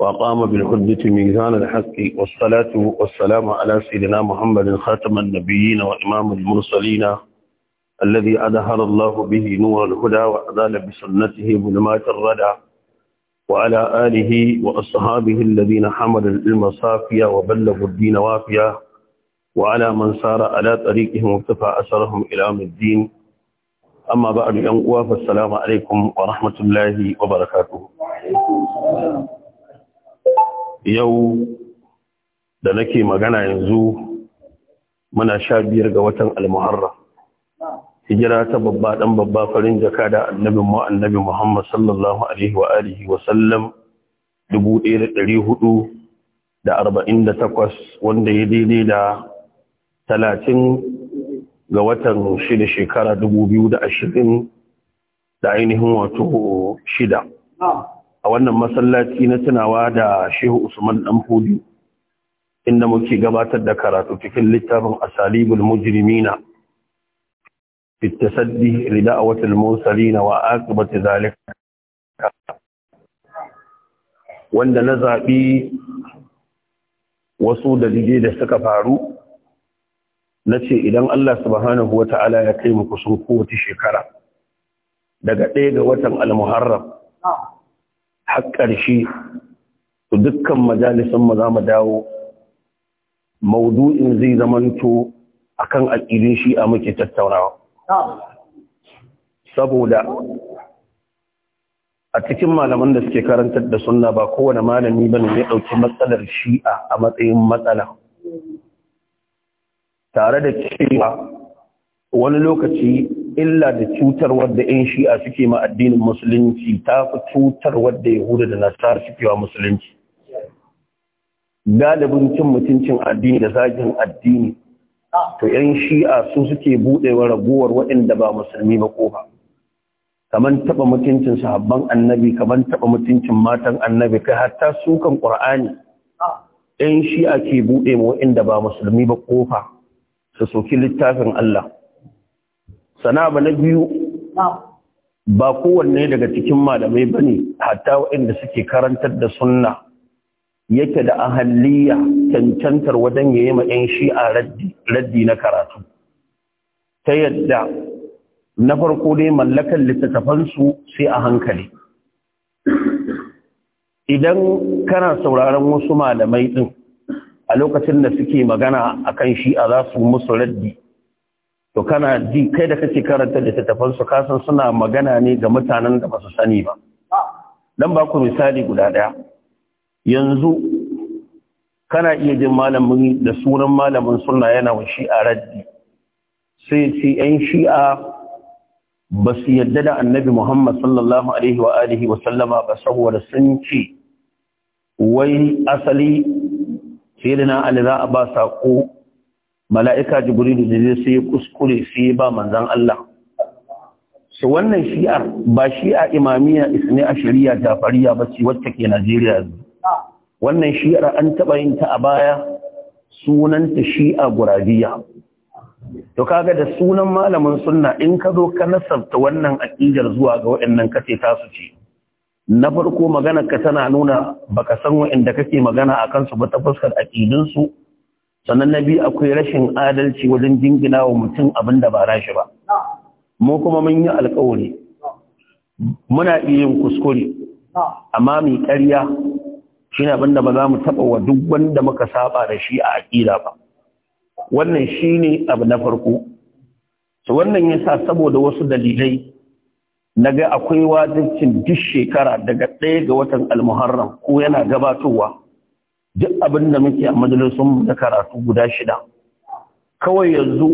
وأقام بالحجة ميزان الحق والصلاة والسلام على سيدنا محمد خاتم النبيين وإمام المرسلين الذي أدهر الله به نور الهدى وأذل بسنته ظلمات الردى وعلى آله وأصحابه الذين حملوا العلم صافيا وبلغوا الدين وافيا وعلى من سار على طريقهم وارتفع أثرهم إلى يوم الدين أما بعد أن فالسلام عليكم ورحمة الله وبركاته yau da nake magana yanzu muna sha biyar ga watan almuharram hijira ta babba dan babba farin jaka da annabi mu annabi Muhammad sallallahu alaihi wa alihi wa sallam 1448 wanda ya daidai da talatin ga watan shida shekara da 2020 da ainihin wato shida a wannan masallaci na tunawa da Shehu Usman fodi inda muke gabatar da karatu cikin littafin Asalibul Mujrimina fi tasaddi li da'watil mursalin wa aqibati zalika wanda na zabi wasu da dige da suka faru nace idan Allah subhanahu wata'ala ta'ala ya kai mu kusan kowace shekara daga ɗaya ga watan al-muharram har ƙarshe dukkan majalisun mu za mu dawo maudu'in zai zamanto akan aƙidin shi a muke tattaunawa saboda a cikin malaman da suke karantar da sunna ba kowane malami ba ne ya ɗauki matsalar shi'a a matsayin matsala tare da cewa wani lokaci illa da cutar wadda 'yan shi'a suke ma addinin musulunci ta fi cutar wadda yahuda da nasara suke wa musulunci galibin cin mutuncin addini da zagin addini to 'yan shi'a su suke buɗewa raguwar waɗanda ba musulmi ba ko ba kamar taɓa mutuncin sahabban annabi kamar taɓa mutuncin matan annabi kai hatta sukan ƙur'ani ‘yan shi'a ke buɗe ma waɗanda ba musulmi ba ƙofa su soki littafin Allah sana ba na biyu ba kowanne daga cikin malamai ba ne hatta waɗanda suke karantar da sunna yake da ahalliya cancantar wajen ya yi ma'yan shi a raddi na karatu ta yadda na farko dai mallakan littattafansu sai a hankali idan kana sauraron wasu malamai ɗin a lokacin da suke magana a kan shi a za su musu raddi to kana ji kai da kake karanta littattafan su kasan suna magana ne ga mutanen da ba su sani ba dan ba ku misali guda daya yanzu kana iya jin malamin da sunan malamin sunna yana wa shi'a raddi sai ce yan shi'a ba su yadda da annabi Muhammad sallallahu alaihi wa alihi wa sallama ba saboda sun ce wai asali sai da na ali za a ba sako mala'ika jibrilu da zai sai kuskure sai ba manzan Allah su wannan shi'ar ba shi'a imamiya isne a shari'a jafariya ba ce wacce ke Najeriya yanzu wannan shi'ar an taɓa yin ta a baya sunanta shi'a gurabiya to kaga da sunan malamin sunna in ka zo ka nasarta wannan aƙidar zuwa ga waɗannan kace tasu ce na farko magana ka tana nuna baka san waɗanda kake magana akan su ba ta fuskar aƙidinsu sannan na biyu akwai rashin adalci wajen jingina wa mutum abin da ba rashi ba mu kuma mun yi alkawari muna iya yin kuskure amma mai ƙarya shi ne abin da ba za mu taɓa wa duk wanda muka saba da shi a aƙida ba wannan shi ne abu na farko su wannan ya sa saboda wasu dalilai na ga akwai wajibcin duk shekara daga ɗaya ga watan almuharram ko yana gabatowa duk abin da muke a majalisun na karatu guda shida kawai yanzu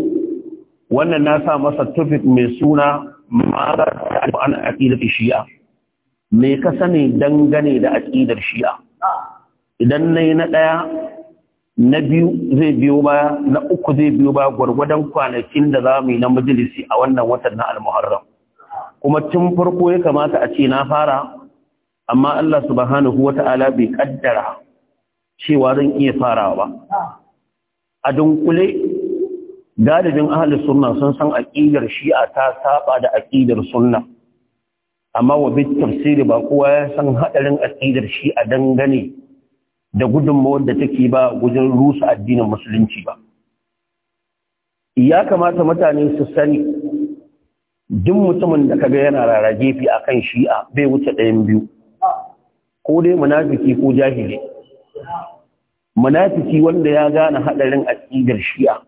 wannan na sa masa tufik mai suna ma'azar an aƙidar shi'a mai ka sani dangane da aƙidar shi'a idan na yi na ɗaya na biyu zai biyo ba na uku zai biyo ba gwargwadon kwanakin da za mu yi na majalisi a wannan watan na al-muharram. kuma tun farko ya kamata a ce na fara amma Allah subhanahu wata'ala bai kaddara cewa zan iya farawa ba a dunkule galibin ahalus sunna sun san aqidar shi'a ta saba da aƙidar sunna amma wa bit tafsiri ba kowa ya san hadarin aqidar shi'a dangane da gudunmawar da take ba wajen rusa addinin musulunci ba ya kamata mutane su sani duk mutumin da kaga yana rara gefe akan shi'a bai wuce ɗayan biyu ko dai munafiki ko jahili munafiki wanda ya gane hadarin aqidar shi'a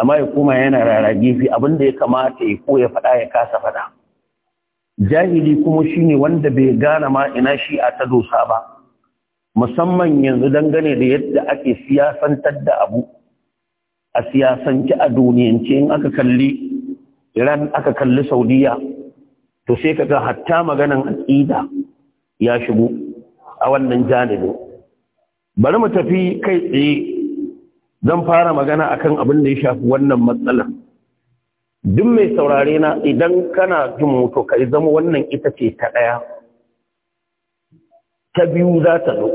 amma ya koma yana rarage fi abinda ya kamata ya koya fada ya kasa faɗa. jahili kuma shine wanda bai gane ma ina shi'a ta dosa ba musamman yanzu dangane da yadda ake siyasantar da abu a siyasanci a duniyance in aka kalli Iran aka kalli Saudiya to sai kaga hatta maganan aqida ya shigo a wannan janibin bari mu tafi kai tsaye zan fara magana akan abin da ya shafi wannan matsalar duk mai saurare na idan kana jin mutu kai zama wannan ita ce ta ɗaya ta biyu za ta zo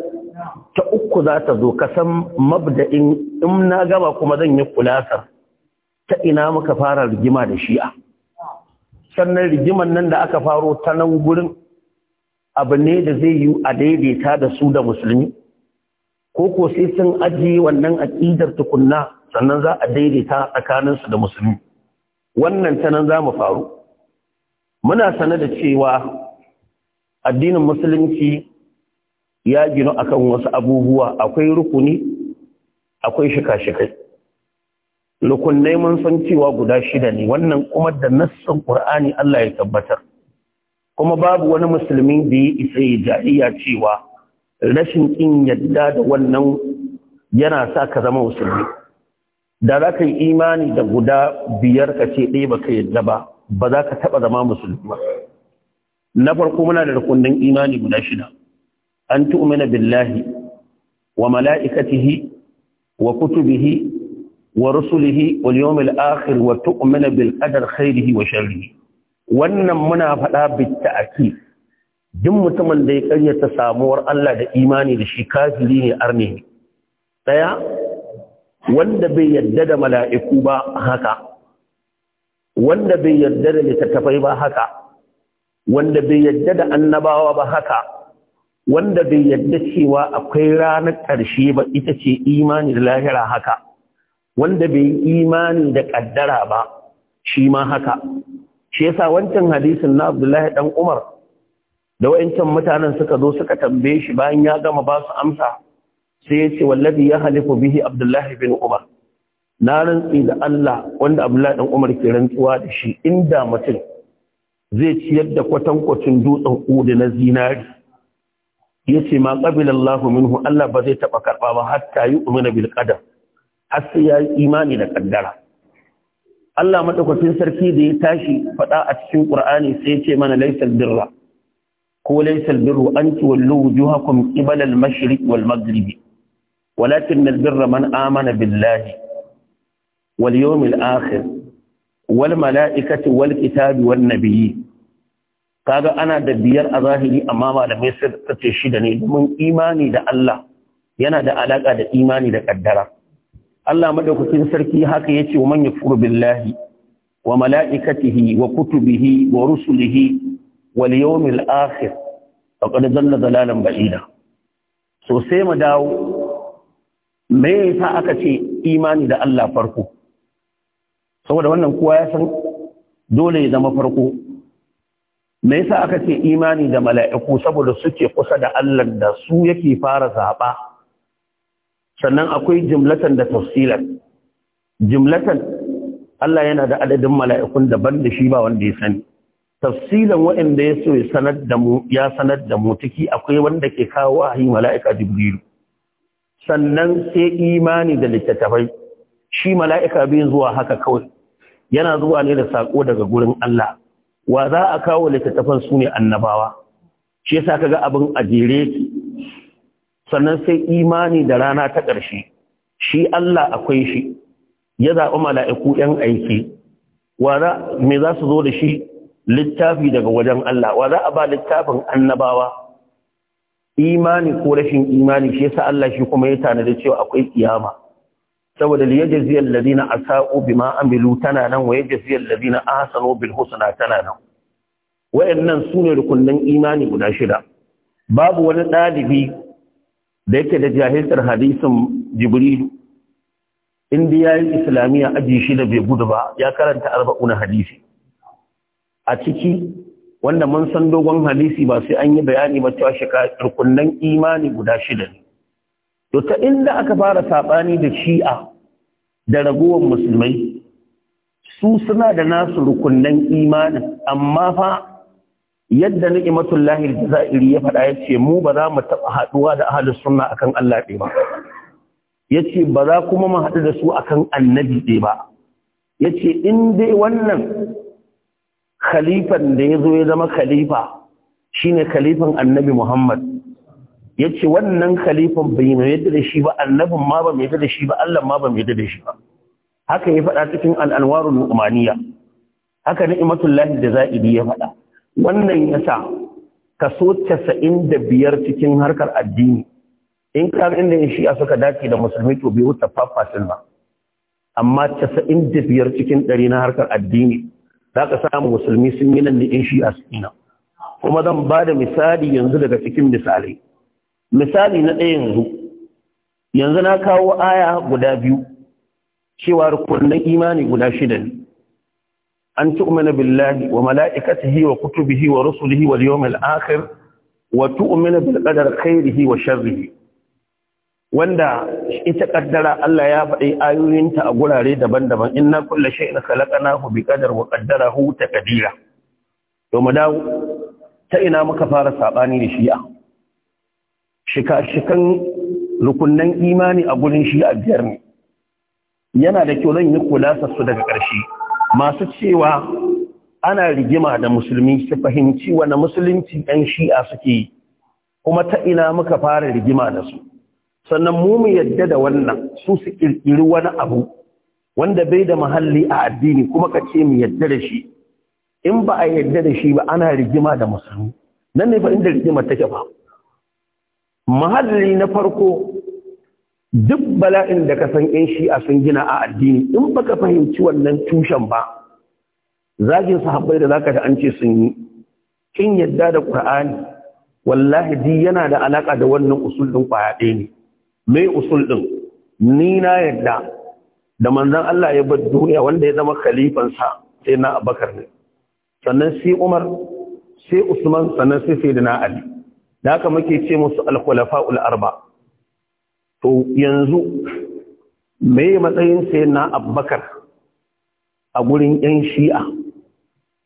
ta uku za ta zo ka san mabda'in in na gaba kuma zan yi kulasar ta ina muka fara rigima da shi'a sannan rigiman nan da aka faro ta nan gurin abu ne da zai yi a daidaita da su da musulmi ko ko sai sun ajiye wannan aƙidar tukunna sannan za a daidaita tsakaninsu da musulmi wannan tanan za mu faru muna sane da cewa addinin musulunci ya gino akan wasu abubuwa akwai rukuni akwai shika-shikai rukunai mun san cewa guda shida ne wannan kuma da nassan qur'ani Allah ya tabbatar kuma babu wani musulmi da ya isa ya jariya cewa rashin ƙin yadda da wannan yana sa ka zama musulmi da za ka yi imani da guda biyar ka ce ɗaya ba ka yadda ba ba za ka taɓa zama musulmi ba na farko muna da rukunin imani guda shida an tu'mina billahi wa mala'ikatihi wa kutubihi wa rusulihi wa yawmil akhir wa tu'mina bil qadar khairihi wa sharrihi wannan muna faɗa bitta'kid duk mutumin da ya karyata samuwar Allah da imani da shi kafiri ne arne daya wanda bai yadda da mala'iku ba haka wanda bai yadda da littattafai ba haka wanda bai yadda da annabawa ba haka wanda bai yadda cewa akwai ranar ƙarshe ba ita ce imani da lahira haka wanda bai imani da ƙaddara ba shi ma haka shi yasa wancan hadisin na Abdullahi dan Umar da wa'incan mutanen suka zo suka tambaye shi bayan ya gama ba su amsa sai ya ce wallafi ya halifu bihi abdullahi bin umar na rantsi da Allah wanda abdullahi dan umar ke rantsuwa da shi inda mutum zai ciyar da kwatankwacin dutsen udu na zinari ya ce ma qabila minhu Allah ba zai taba karɓa ba hatta yu'mina bil qadar har sai ya yi imani da kaddara Allah madaukakin sarki da ya tashi faɗa a cikin ƙur'ani sai ya ce mana laysal birra ko laysa albirru an tuwallu wujuhakum qibala al-mashriq wal maghribi walakin albirra man amana billahi wal yawmil akhir wal mala'ikati wal kitabi wan nabiyyi kaga ana da biyar a zahiri amma malamai suka ce shida ne domin imani da Allah yana da alaka da imani da kaddara Allah madaukakin sarki haka yace wa man yakfuru billahi wa mala'ikatihi wa kutubihi wa rusulihi waliyomil yawmil a faqad zanna dalalan ba'ida so sai mu dawo me yasa aka ce imani da Allah farko saboda wannan kowa ya san dole ya zama farko me yasa aka ce imani da mala'iku saboda suke kusa da Allah da su yake fara zaba sannan akwai jumlatan da tafsilan jimlatan Allah yana da adadin mala'ikun daban da shi ba wanda ya sani tafsilan waɗanda ya so ya sanar da mu akwai wanda ke kawo a yi mala'ika jibrilu sannan sai imani da littattafai shi mala'ika biyun zuwa haka kawai yana zuwa ne da sako daga gurin Allah wa za a kawo littattafan su ne annabawa shi ka ga abin a jere sannan sai imani da rana ta ƙarshe shi Allah akwai shi ya zaɓi mala'iku ‘yan aiki wa me za su zo da shi littafi daga wajen Allah wa za a ba littafin annabawa imani ko rashin imani shi yasa Allah shi kuma ya tanada cewa akwai kiyama saboda li yajzi alladhina asa'u bima amilu tana nan wa yajzi alladhina ahsanu bil husna tana nan wayannan sune rukunin imani guda shida babu wani dalibi da yake da jahiltar hadisin jibril indiya islamiyya aji shida bai gudu ba ya karanta arba'una hadisi a ciki wanda mun san dogon hadisi ba sai an yi bayani ba cewa rukunnan imani guda shida ne to ta inda aka fara saɓani da shi'a da ragowar musulmai su suna da nasu rukunnan imanin amma fa yadda ni'imatul lahir jazairi ya faɗa yace mu ba za mu taɓa haɗuwa da ahlus sunna akan Allah ɗaya ba yace ba za kuma mu haɗu da su akan annabi ɗaya ba yace in dai wannan khalifan da ya zo ya zama khalifa shi ne khalifan annabi Muhammad ya ce wannan khalifan bai mai yadda da shi ba annabin ma ba mai yadda da shi ba Allah ma ba mai yadda da shi ba haka ya faɗa cikin al'anwarul umaniya haka ni'matullahi da za'idi ya faɗa wannan ya sa kaso casa'in da biyar cikin harkar addini in ka inda shi a suka dace da musulmi to bai wuce fafasin ba amma casa'in da biyar cikin ɗari na harkar addini za ka samu musulmi sun yi nan da shi a suna kuma zan ba da misali yanzu daga cikin misalai misali na ɗaya yanzu yanzu na kawo aya guda biyu cewa rukunin imani guda shida ne an tu'mina billahi wa mala'ikatihi wa kutubihi wa rusulihi wal yawmil akhir wa tu'mina bil qadar khairihi wa sharrihi wanda ita kaddara Allah ya faɗi ayoyinta a gurare daban-daban inna kullu shay'in khalaqnahu biqadar wa qaddarahu taqdira to mu dawo ta ina muka fara saɓani da shi'a Shikashikan shikan imani a gurin shi'a biyar ne yana da kyau zan yi kula su daga ƙarshe masu cewa ana rigima da musulmi su fahimci wani musulunci ɗan shi'a suke yi, kuma ta ina muka fara rigima da su sannan mu mu yadda da wannan su su kirkiri wani abu wanda bai da muhalli a addini kuma ka ce mu yadda da shi in ba a yadda da shi ba ana rigima da musulmi nan ne fa inda rigima take ba Muhalli na farko duk bala'in da ka san yan shi'a sun gina a addini in baka fahimci wannan tushen ba zagin sahabbai da zaka da an ce sun yi kin yadda da qur'ani wallahi di yana da alaka da wannan usul din ɗaya ne mai usul ɗin ni na yadda da manzan Allah ya bar duniya wanda ya zama khalifansa sai na abakar ne sannan sai umar sai usman sannan sai sai na ali da haka muke ce musu alkhulafa arba? to yanzu mai matsayin sai na abakar a gurin yan shi'a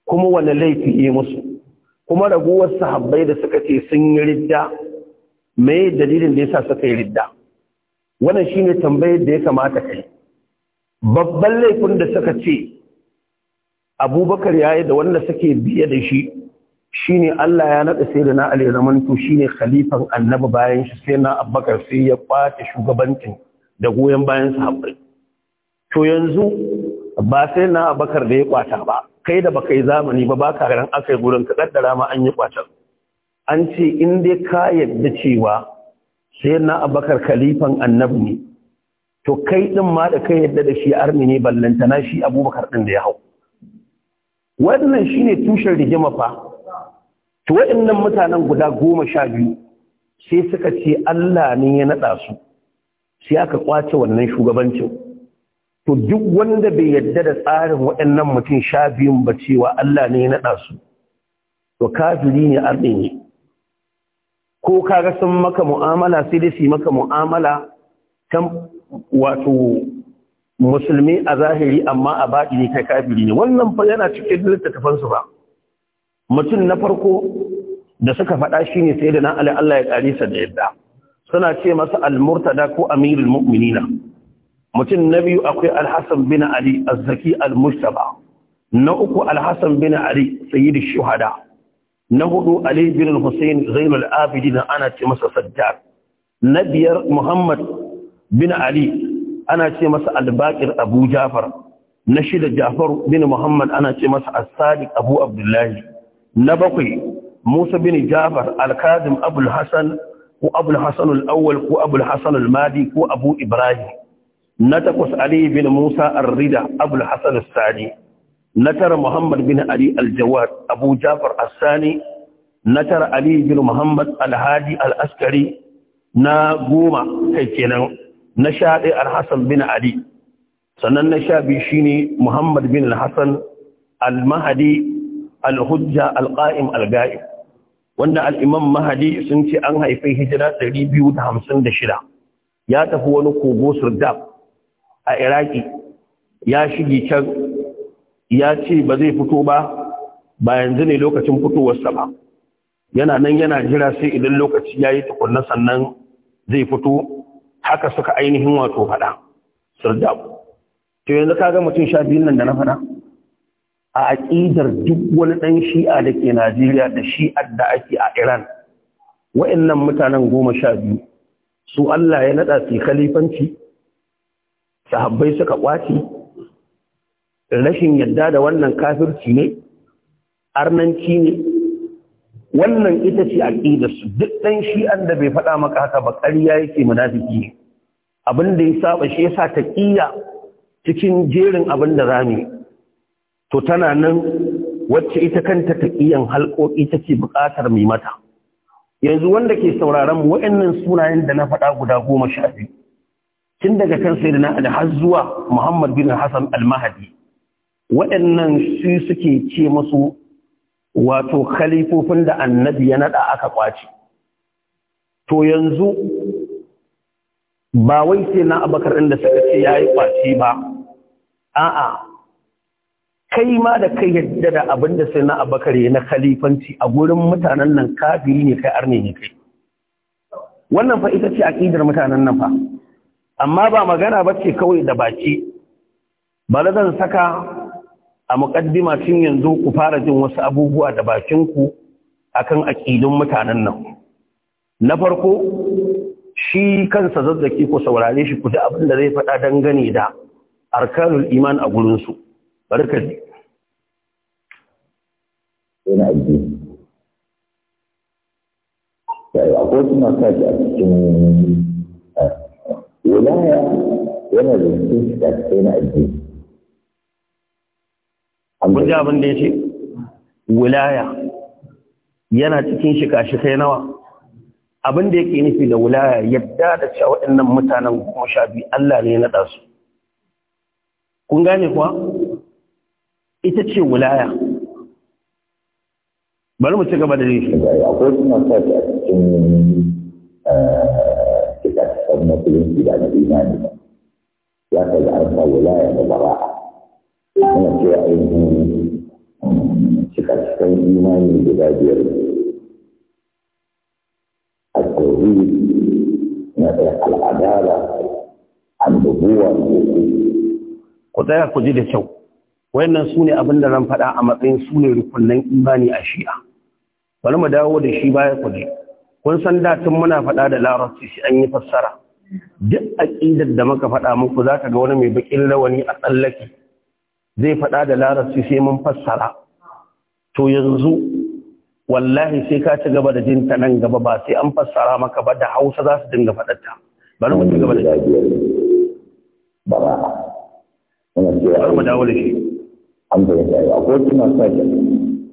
kuma wani laifi yi musu kuma raguwar sahabbai da suka ce sun yi ridda mai dalilin da yasa suka yi ridda wannan shine tambayar da ya kamata kai babban laifin da suka ce abubakar yayi da wanda suke biye da shi shine Allah ya nada sayyidina Ali zamanto shine khalifan annabi bayan shi sai na abubakar sai ya kwace shugabancin da goyon bayan sahabbai to yanzu ba sai na abubakar da ya kwata ba kai da baka yi zamani ba baka ran akai gurin ka kaddara ma an yi kwata an ce in dai ka yadda cewa sai na abakar khalifan annabi ne to kai din ma da kai yadda da shi Armi ne ballantana shi abubakar din da ya hau wannan shi ne tushen rigima fa to waɗannan mutanen guda goma sha biyu sai suka ce Allah ne ya naɗa su sai aka kwace wannan shugabancin to duk wanda bai yadda da tsarin waɗannan mutum sha biyun ba cewa Allah ne ya naɗa su to kafiri ne arni ne ko kaga sun maka mu'amala sai dai su maka mu'amala kan wato musulmi a zahiri amma a baɗi ne kai kafiri ne wannan fa yana cikin littattafan su ba mutum na farko da suka faɗa shine sai da na Ali Allah ya ƙare sa da yadda suna ce masa al-murtada ko amirul mu'minina mutum na biyu akwai al-hasan bin ali az-zaki al-mustaba na uku al-hasan bin ali sayyidish shuhada na hudu Ali bin Hussein Zainul Abidin ana ce masa Saddaq na biyar Muhammad bin Ali ana ce masa Al-Baqir Abu Jafar na shida Jafar bin Muhammad ana ce masa As-Sadiq Abu Abdullahi na bakwai Musa bin Jafar Al-Kazim Abu Hassan ko Abu Hassan al-Awwal ko Abu al-Madi ko Abu Ibrahim na takwas Ali bin Musa Ar-Rida Abu al-Sadi نتر محمد بن علي الجواد أبو جعفر الثاني نتر علي بن محمد الهادي الأسكري نا قوما كيكينا نشاء الحسن بن علي sannan na sha biyu shine Muhammad bin Hassan al-Mahadi al-Hujja al-Qa'im al-Ga'im wanda al-Imam Mahadi sun ce an haifi hijira shida, ya tafi wani kogo Surdab a Iraki ya shige can ya ce ba zai fito ba ba yanzu ne lokacin fitowarsa ba yana nan yana jira sai idan lokaci ya yi tukunna sannan zai fito haka suka ainihin wato faɗa sardabu to yanzu ka ga mutum sha biyun nan da na faɗa a aƙidar duk wani ɗan shi'a da ke najeriya da Shi'a da ake a iran wa'annan mutanen goma sha biyu su allah ya naɗa su khalifanci sahabbai suka ƙwace rashin yadda da wannan kafirci ne arnanci ne wannan ita ce a ƙidarsu, duk ɗan shi da bai faɗa maka haka ba ƙarya yake munafiki ne abin da ya saba shi ya sa ta ƙiya cikin jerin abin da rami, to tana nan wacce ita kanta ta ƙiyan halƙoƙi take buƙatar mai mata yanzu wanda ke sauraron mu waɗannan sunayen da na faɗa guda goma sha biyu tun daga kan sai Ali har zuwa Muhammad bin Hassan al-Mahdi waɗannan su suke ce masu wato khalifofin da annabi ya naɗa aka kwaci to yanzu ba wai sai na abakar inda suka ce ya yi kwaci ba a'a kai ma da kai yadda da abin da sai na abakar ya na khalifanci a gurin mutanen nan kafiri ne kai arne ne kai wannan fa ita ce aƙidar mutanen nan fa amma ba magana ba ce kawai da baki ba zan saka a muƙaddima tun yanzu ku fara jin wasu abubuwa da bakinku akan aƙidun mutanen nan na farko shi kansa zazzaki ku saurare shi ku ji abin da zai faɗa dangane da arkanul iman a gurinsu ji yana aji sai akwai suna kaji a cikin eh, wilaya yana da cikin shi na addini kun ji abin da ya ce wilaya yana cikin shika-shikai nawa abin da yake nufi da wilaya yadda da cewa waɗannan mutanen kuma sha biyu Allah ne ya naɗa su kun gane kuwa ita ce wilaya bari mu ci gaba da rishi akwai a ya eh, kai da an sa wilaya da bara'a suna cikakken a na ku tsaya ku ji da kyau wayannan su ne abin da ran faɗa a matsayin su ne rukunan imani a shi'a bari mu dawo da shi baya ku ji kun san da tun muna faɗa da larabci shi an yi fassara duk aƙidar da muka faɗa muku za ka ga wani mai baƙin lawani a tsallake zai faɗa da larabci sai mun fassara to yanzu wallahi sai ka ci gaba da jin ta nan gaba ba sai an fassara maka ba da hausa za su dinga faɗarta bari mu ci gaba da bari mu dawo da shi an da ya yi akwai kuma sai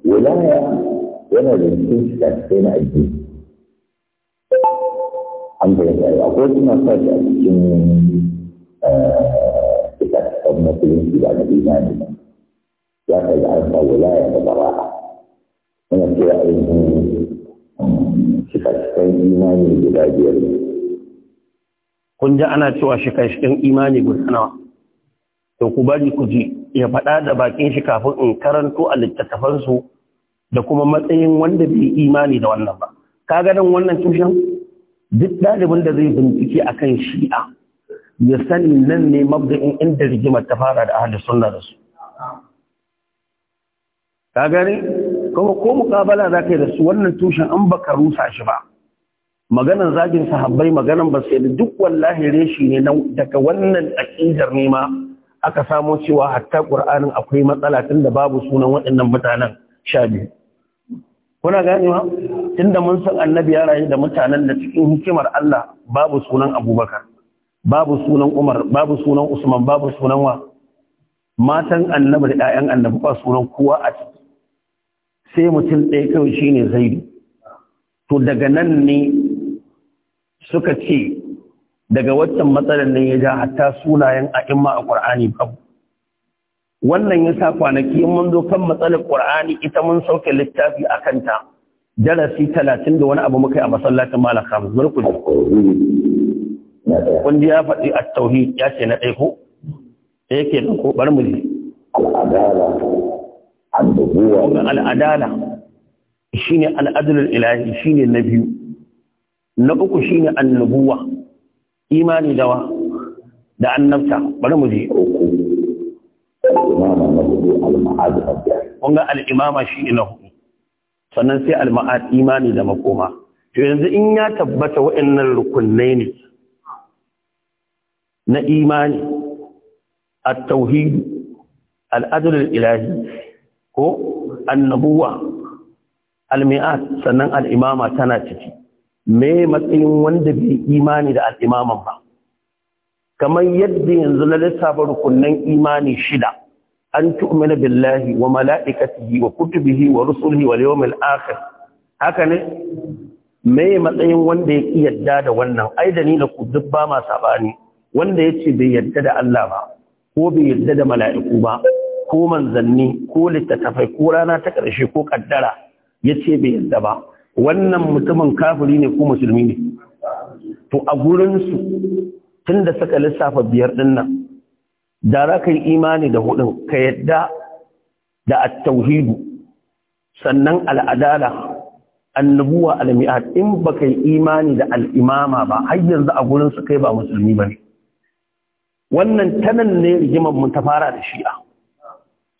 wilaya yana da cikin sai na aiki. an da ya yi akwai kuma sai a cikin eh, karɓar musulunci ba da imani ba za ka yi an sa wilaya da bara'a muna cewa ainihin shikashikan imani guda biyar ne kun ji ana cewa shikashikan imani guda nawa to ku bari ku ji ya faɗa da bakin shi kafin in karanto a littattafansu da kuma matsayin wanda bai imani da wannan ba kaga nan wannan tushen duk ɗalibin da zai bincike akan shi'a ya sani nan ne mabda'in inda rigimar ta fara da ahalin sunna da su ka gani kuma ko mukabala za ka yi da su wannan tushen an baka rusa shi ba maganan zagin sahabbai maganan ba sai duk wallahi reshi ne daga wannan aƙidar nema aka samo cewa hatta ƙur'anin akwai matsala tun da babu sunan waɗannan mutanen sha biyu kuna ganewa tun da mun san annabi ya rayu da mutanen da cikin hikimar Allah babu sunan abubakar babu sunan Umar babu sunan Usman babu sunan wa matan annabi da 'ya'yan annabi ba sunan kowa a ciki sai mutum ɗaya kawai shine Zaidu to daga nan ne suka ce daga waccan matsalar ne ya ja hatta sunayen a imma a Qur'ani babu wannan ya sa kwanaki in mun zo kan matsalar Qur'ani ita mun sauke littafi a kanta darasi talatin da wani abu muka yi a masallacin Malam kun ji ya faɗi a tauhi ya ce na ɗaiko da yake nan ko bar mu ji al'adala annabuwa ga al'adala shine al'adlul ilahi shine na biyu na uku shine annabuwa imani dawa da annabta bar mu je kunga al'imama shi ina hudu sannan sai al'ma'ad imani da makoma to yanzu in ya tabbata wa'annan rukunai ne na imani at-tauhid al al-ilahi ko annabuwa al-mi'at sannan al-imama tana ciki me matsayin wanda bai imani da al-imaman ba kamar yadda yanzu na lissafa rukunnan imani shida an tu'mina billahi wa mala'ikatihi wa kutubihi wa rusulihi wal yawmil akhir haka ne me matsayin wanda ya yarda da wannan ai da ni da ku duk ba ma sabani wanda ya ce bai yarda da Allah ba ko bai yarda da mala'iku ba ko manzanni ko littattafai ko rana ta ƙarshe ko ƙaddara ya ce bai yarda ba wannan mutumin kafiri ne ko musulmi ne to a gurinsu tun da suka lissafa biyar ɗin nan da za ka yi imani da hudun ka yadda da attauhidu sannan al'adala annabuwa al'mi'ad in ba yi imani da al'imama ba har yanzu a gurinsu kai ba musulmi ba ne wannan tanan ne rigimar mu ta fara da shi'a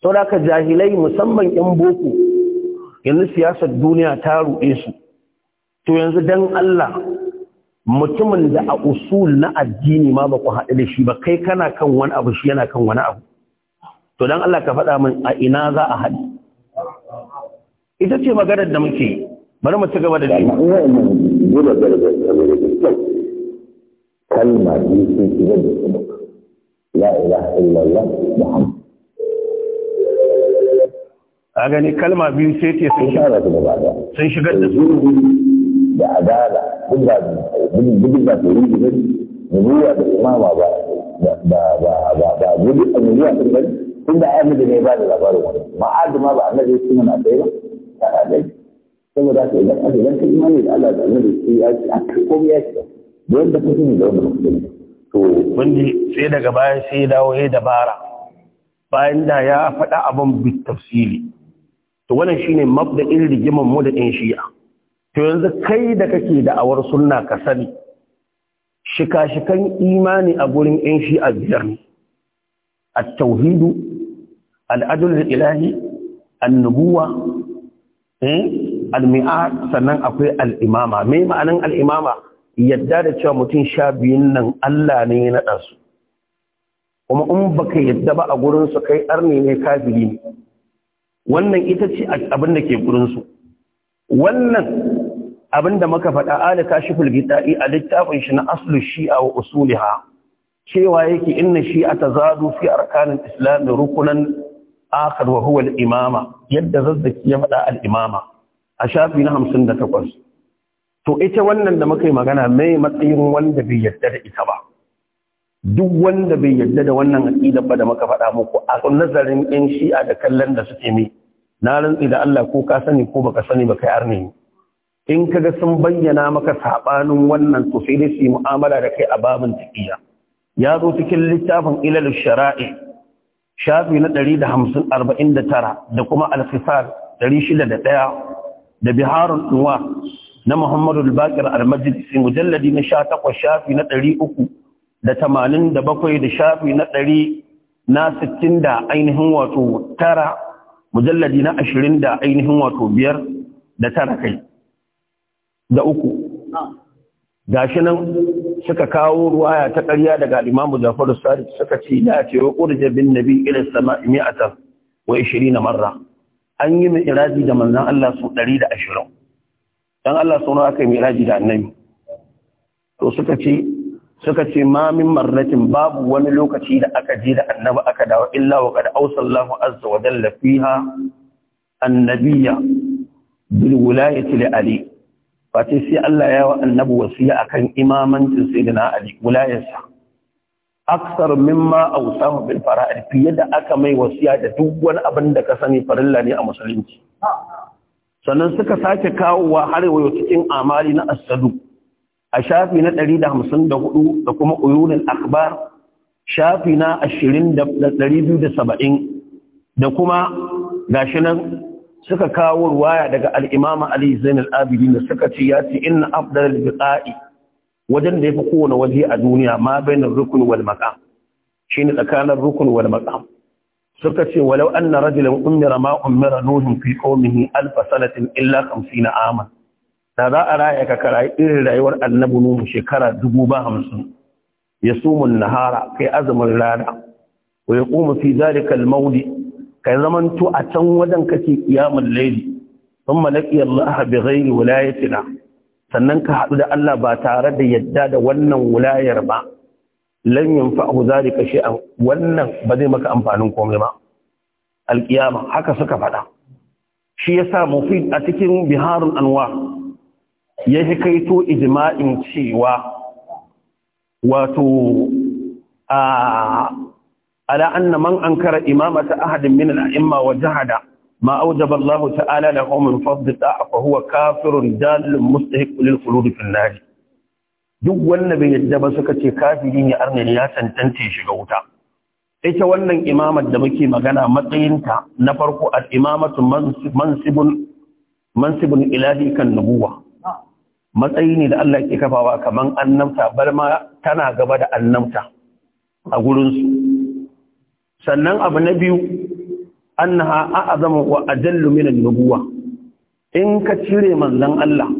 sau da aka jahilai musamman yan boko yanzu siyasar duniya ta ruɗe su to yanzu don Allah mutumin da a usul na addini ma ba ku haɗu da shi ba kai kana kan wani abu shi yana kan wani abu to don Allah ka faɗa min a ina za a haɗu ita ce maganar da muke bari mu ci gaba da shi kalma sun ce da la ilaha illallah muhammad a gani kalma biyu sai ce sun shigar da sun shigar da su da adala duk ba duk ba su rubu ne nubuwa da imama ba ba ba ba ba da a nubuwa sun bari tun da annabi ne ba da labarin wani ma'adu ma ba annabi ya tuna na tsaye ba ta dai saboda haka idan aka idan ka imani da Allah da annabi sai ya ci a kan komai ya ci da yadda kuke ne da wannan kuke to mun sai daga baya sai dawo ya dabara bayan da ya faɗa abin bi tafsiri to wannan shine mabda'in rigiman mu da ɗin shi'a to yanzu kai da kake da'awar sunna ka sani shika-shikan imani a gurin ɗin shi'a biyar ne at-tauhidu al-adl ilahi an-nubuwa eh al-mi'ad sannan akwai al-imama me ma'anan al-imama yadda da cewa mutum sha biyun nan Allah ne ya naɗa su kuma in baka yadda ba a gurinsu kai arni ne kafiri ne wannan ita ce abin da ke gurinsu wannan abin da muka faɗa ala kashiful gida'i a littafin shi na aslu shi'a wa usuliha cewa yake inna shi'a tazadu fi arkanin islam rukunan akhar wa huwa imama yadda zazzaki ya faɗa al'imama, imama a shafi na takwas. to ita wannan da muka yi magana mai matsayin wanda bai yarda da ita ba duk wanda bai yarda da wannan aqidar ba da muka faɗa muku a nazarin yan shi'a da kallon da suke mi na rantsi da Allah ko ka sani ko baka sani ba kai arne in kaga sun bayyana maka saɓanin wannan to sai dai su yi mu'amala da kai a babin taqiya ya zo cikin littafin ilal shara'i shafi na 150 49 da kuma al ɗari shida da biharul anwar na Muhammadu al-Baqir mujalladi na 18 shafi na 300 da 87 da shafi na 100 na 60 da ainihin wato tara mujalladi na 20 da ainihin wato biyar da tara kai da uku gashi nan suka kawo ruwaya ta ƙarya daga Imam Ja'far as-Sadiq suka ce ya ce wa qurja bin nabi ila samai mi'atan wa 20 marra an yi mi'raji da manzon Allah su 120 dan Allah sau aka yi miraji da annabi to suka ce suka ce ma min babu wani lokaci da aka je da annabi aka dawo illa wa qad awsallahu azza wa jalla fiha annabiyya bil wilayati li ali fati sai Allah ya wa annabi wasiya akan imamancin sayyidina ali wilayarsa aksar mimma awsahu bil fara'id fiye da aka mai wasiya da duk wani abin da ka sani farilla ne a musulunci sannan suka sake kawowa har wayo cikin amali na asadu a shafi na 154 da kuma uyunul akhbar shafi na 20 da da kuma gashi nan suka kawo ruwaya daga al Ali zainal Abidi abidin da suka ce ya ce inna afdalul bisai wajen da yafi kowane waje a duniya ma bainar rukun wal maqam tsakanin rukun wal suka ce walau anna rajulan ummira ma ummira nuhin fi qaumihi alf sanatin illa na aman da za a raya ka karai irin rayuwar annabi nuhu shekara ya sumun nahara kai azumin rana wa yaqumu fi zalika al kai zaman to a can wajen kake qiyamul layli thumma laqiya Allah bi ghairi wilayatina sannan ka haɗu da Allah ba tare da yadda da wannan wulayar ba lan yanfa'u zalika shay'an wannan ba zai maka amfanin komai ba alqiyama haka suka faɗa shi yasa mufid a cikin biharul anwa. Yaji kaito ijma'in cewa wato a ala anna man ankara imamata ahadin min al-a'imma wa jahada ما ta'ala الله تعالى له من فضل الطاعة فهو كافر جال مستحق للخلود في النار duk wanda bai yadda ba suka ce kafiri ne arnani ya tantance shiga wuta ita wannan imamar da muke magana matsayinta na farko al imamatu mansibun mansibun ilahi kan nubuwa matsayi ne da Allah ke kafawa kaman annabta bar ma tana gaba da annabta a gurinsu sannan abu na biyu annaha a'azamu wa ajallu min an-nubuwa in ka cire manzon Allah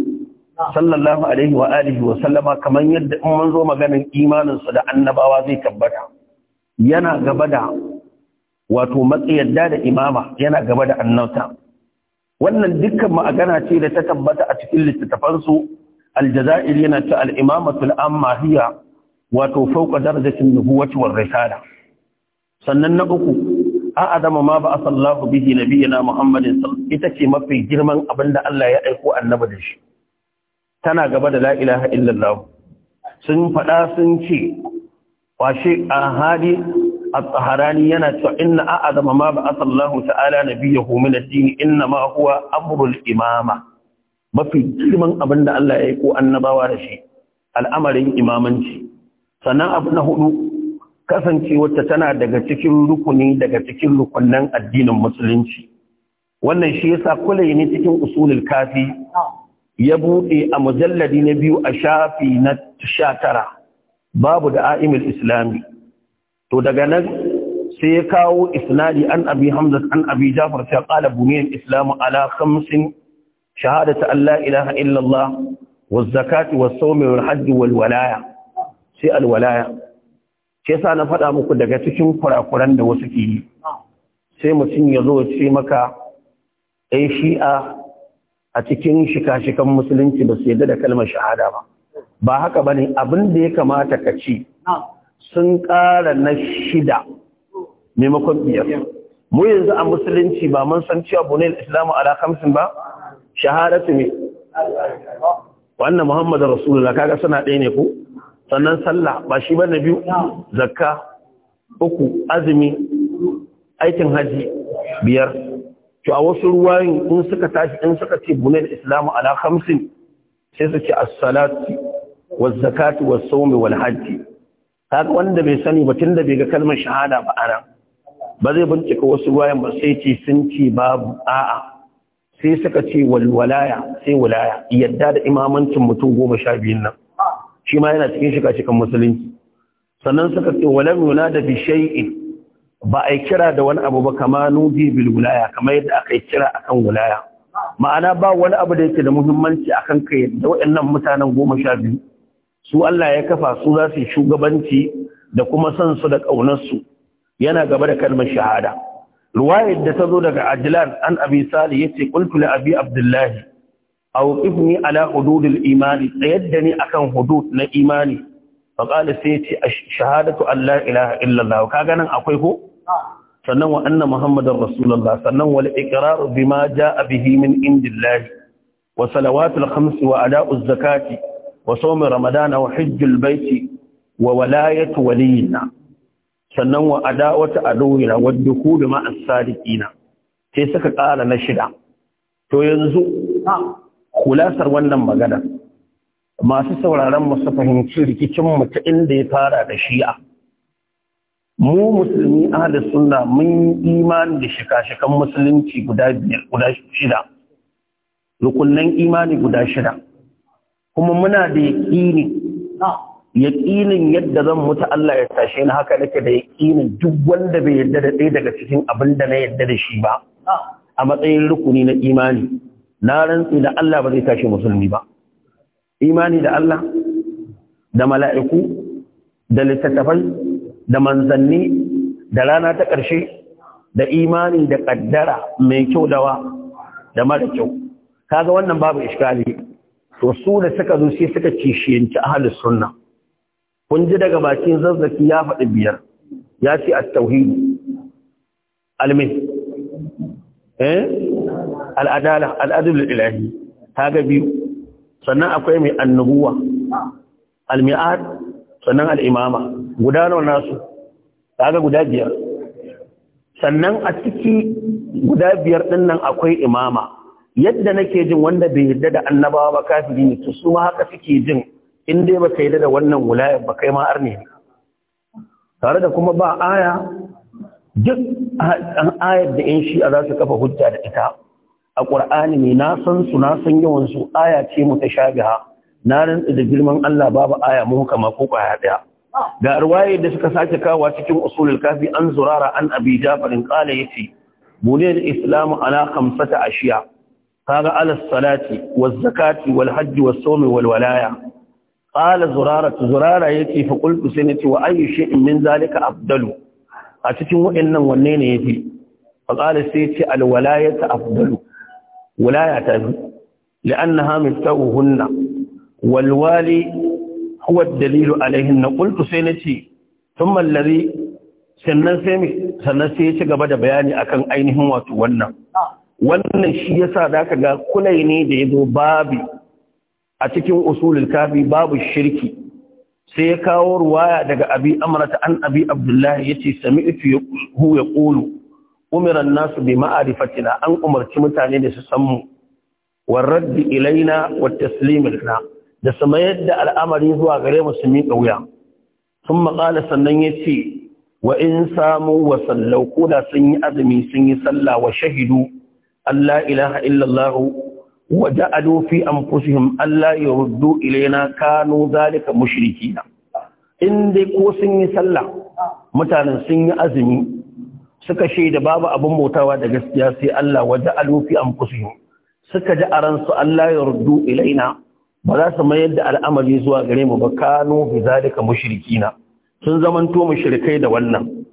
sallallahu alaihi wa alihi wa sallama kamar yadda in mun zo maganar imanin su da annabawa zai tabbata yana gaba da wato matsayadda da imama yana gaba da annauta wannan dukkan magana ce da ta tabbata a cikin littattafan su aljazair yana ta al-imamatu al-amma hiya wato fawqa darajatin nubuwati war risala sannan na uku a'azama ma ba asallahu bihi nabiyina muhammadin sallallahu ita ce mafi girman abinda Allah ya aiko annabi da shi tana gaba da lailaha ilaha illallah sun faɗa sun ce washe a hadi a tsaharani yana cewa inna a azama ma ba sallahu ta'ala na biya homin da dini inna ma huwa amurul imama mafi girman abin da Allah ya yi ko annabawa da shi al'amarin imamanci sannan abu na hudu kasancewarta tana daga cikin rukuni daga cikin rukunan addinin musulunci wannan shi yasa kula ne cikin usulul kafi ya buɗe a mujalladi na biyu a shafi na sha tara babu da a'imul islami to daga nan sai ya kawo isnadi an abi hamzat an abi jafar sai kala buniyal islamu ala khamsin shahadatu an ilaha illallah allah zakati was sawmi wal hajj wal walaya sai al walaya sai sa na faɗa muku daga cikin kurakuran da wasu ke yi sai mutum ya zo ya ce maka ai shi'a a cikin shika-shikan musulunci ba su yadda da kalmar shahada ba ba haka ba ne abin da ya kamata ka ci sun ƙara na shida maimakon biyar mu yanzu a musulunci ba mun san cewa ne islamu ala kamsin ba su ne wannan muhammadu rasulullah kaga suna ɗaya ne ku sannan sallah ba shi ba na biyu zakka uku azumi aikin haji biyar to a wasu ruwayin in suka tashi in suka ce da islamu ala khamsin sai su ce as-salati waz zakati was sawmi wal hajji kaga wanda bai sani ba tunda bai ga kalmar shahada ba ana ba zai bincika wasu ruwayan ba sai ce sun ce babu a'a sai suka ce walwalaya sai walaya. yadda da imamancin mutum goma sha biyun nan shi ma yana cikin shiga cikin musulunci sannan suka ce walam yunada bi shay'in ba a kira da wani abu ba kama nubi bil kamar yadda aka yi kira akan gulaya ma'ana ba wani abu da yake da muhimmanci akan kai da waɗannan mutanen goma sha biyu su Allah ya kafa su za su shugabanci da kuma san su da ƙaunarsu yana gaba da kalmar shahada ruwayar da ta zo daga ajlan an abi sali yace qultu li abi abdullah awqifni ala hududil imani da ni akan hudud na imani fa qala sai yace shahadatu an la ilaha illa kaga nan akwai ko sannan wa anna muhammadar Rasulallah, sannan wal iqraru bima jaa bihi min indillah wa salawatul khams wa ada'uz zakati wa sawm ramadan wa hajjul bait wa walayatu waliyina sannan wa ada'atu adawina wa dukhul ma'as sadiqina sai suka ƙara na shida to yanzu kulasar wannan magana masu sauraron mu su fahimci rikicin mu ta inda ya fara da shi'a mu musulmi ahlus sunna mun yi imani da shika musulunci guda biyar guda shida rukunan imani guda shida kuma muna da yaƙini yaƙinin yadda zan mutu Allah ya tashe ni haka nake da yaƙinin duk wanda bai yarda da ɗaya daga cikin abin da na yarda da shi ba a matsayin rukuni na imani na rantsi da Allah ba zai tashe musulmi ba imani da Allah da mala'iku da littattafai da manzanni da rana ta ƙarshe da imani da ƙaddara mai kyau dawa da mara kyau kaga wannan babu iskali to su da suka zo sai suka shiyanci ahlus sunna kun ji daga bakin zazzaki ya faɗi biyar ya ce at-tauhid almin eh al-adala al-adl ilahi kaga biyu sannan akwai mai annubuwa al-mi'ad sannan al guda nawa nasu kaga guda biyar sannan a ciki guda biyar din nan akwai imama yadda nake jin wanda bai yarda da annabawa ba kafiri ne to su ma haka suke jin in dai baka yarda da wannan wulayar ba kai ma arne tare da kuma ba aya duk an ayar da yan shi'a za su kafa hujja da ita a ƙur'ani ne na san su na san yawan su aya ce mu ta shabiha na rantsa da girman Allah babu aya mun kama ko kwaya daya da arwaye da suka sake kawo cikin usulul kafi an zurara an abi jafarin qala yace buniyar islamu ala khamsata ashiya kaga ala salati waz zakati wal hajj was sawm wal walaya qala zurara zurara yace fa qultu sanati wa ayyu shay'in min zalika afdalu a cikin waɗannan wanne ne yafi fa qala sai al walayatu afdalu walaya ta fi لأنها مفتوهن والوالي huwa dalilu alaihin na qultu sai nace thumma mallari sannan sai sannan sai ya ci gaba da bayani akan ainihin wato wannan wannan shi ya sa da ka ga kulai ne da ya zo babi a cikin usulul kafi babu shirki sai ya kawo ruwaya daga abi amrata an abi abdullahi ya yace sami hu ya ƙulu umiran nasu bi ma'rifatina an umarci mutane da su san mu warraddi ilaina wata silimin na. da su mayar da al'amari zuwa gare mu ɗauya sun maƙala sannan ya ce wa in samu wa sallau ko da sun yi azumi sun yi sallah wa shahidu Allah ilaha illallah wa ja'alu fi anfusihim Allah yurdu ilaina kanu zalika mushrikina in dai ko sun yi sallah mutanen sun yi azumi suka shaida babu abin motawa da gaskiya sai Allah wa ja'alu fi suka ji aransu Allah Ya rudu ilaina ba za su mayar da al'amari zuwa gare mu ba kanu daga zalika na. sun zamanto mushirikai da wannan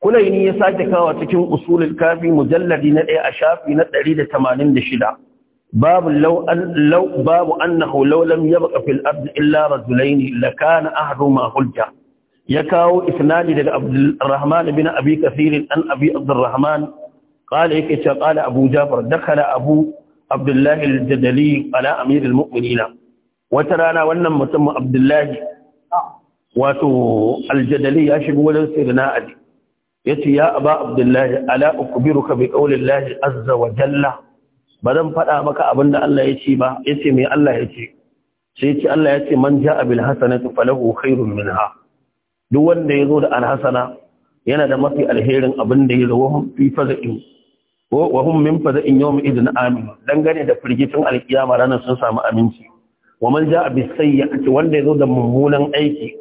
kulaini ya sake kawo cikin usulul kafi mujalladi na ɗaya a shafi na 186 babu law an law babu annahu law lam yabqa fil ard illa rajulain la kana hujja ya kawo isnadi daga abdurrahman bin abi kathir an abi abdurrahman qala yake ce qala abu jafar dakhala abu abdullahi al-jadali ala amir wata rana wannan mutumin abdullahi wato aljadali ya shiga wajen sirna ali ya ce ya aba abdullahi ala ukubiruka bi qaulillahi azza wa jalla ba zan faɗa maka abin da Allah ya ce ba ya ce mai Allah ya ce sai ya ce Allah ya ce man ja'a bil hasanati falahu khairun minha duk wanda ya zo da alhasana yana da mafi alherin abin da ya rawo fi faza'in wa hum min faza'in yawm idin amin dangane da firgitin alkiyama ranar sun samu aminci wa man ja'a bis sayyi'ati wanda yazo da mummunan aiki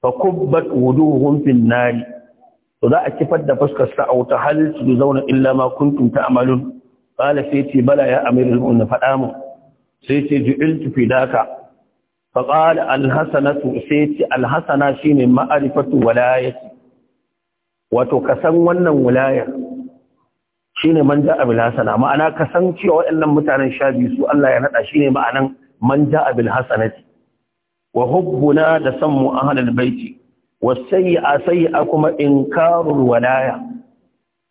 fa kubbat wuduhum fin nari to za a kifar da fuskar sa auta har su zauna illa ma kuntum ta'malun qala sai ce bala ya amirul mu'minin fada mu sai ce fi sai hasana wato ka san wannan wilayar shine man ja'a hasana ma'ana kasan cewa waɗannan mutanen sha biyu su Allah ya nada shine ma'anan man ja bil hasanati wa hubbuna da sanmu ahlul baiti sai a kuma inkarul walaya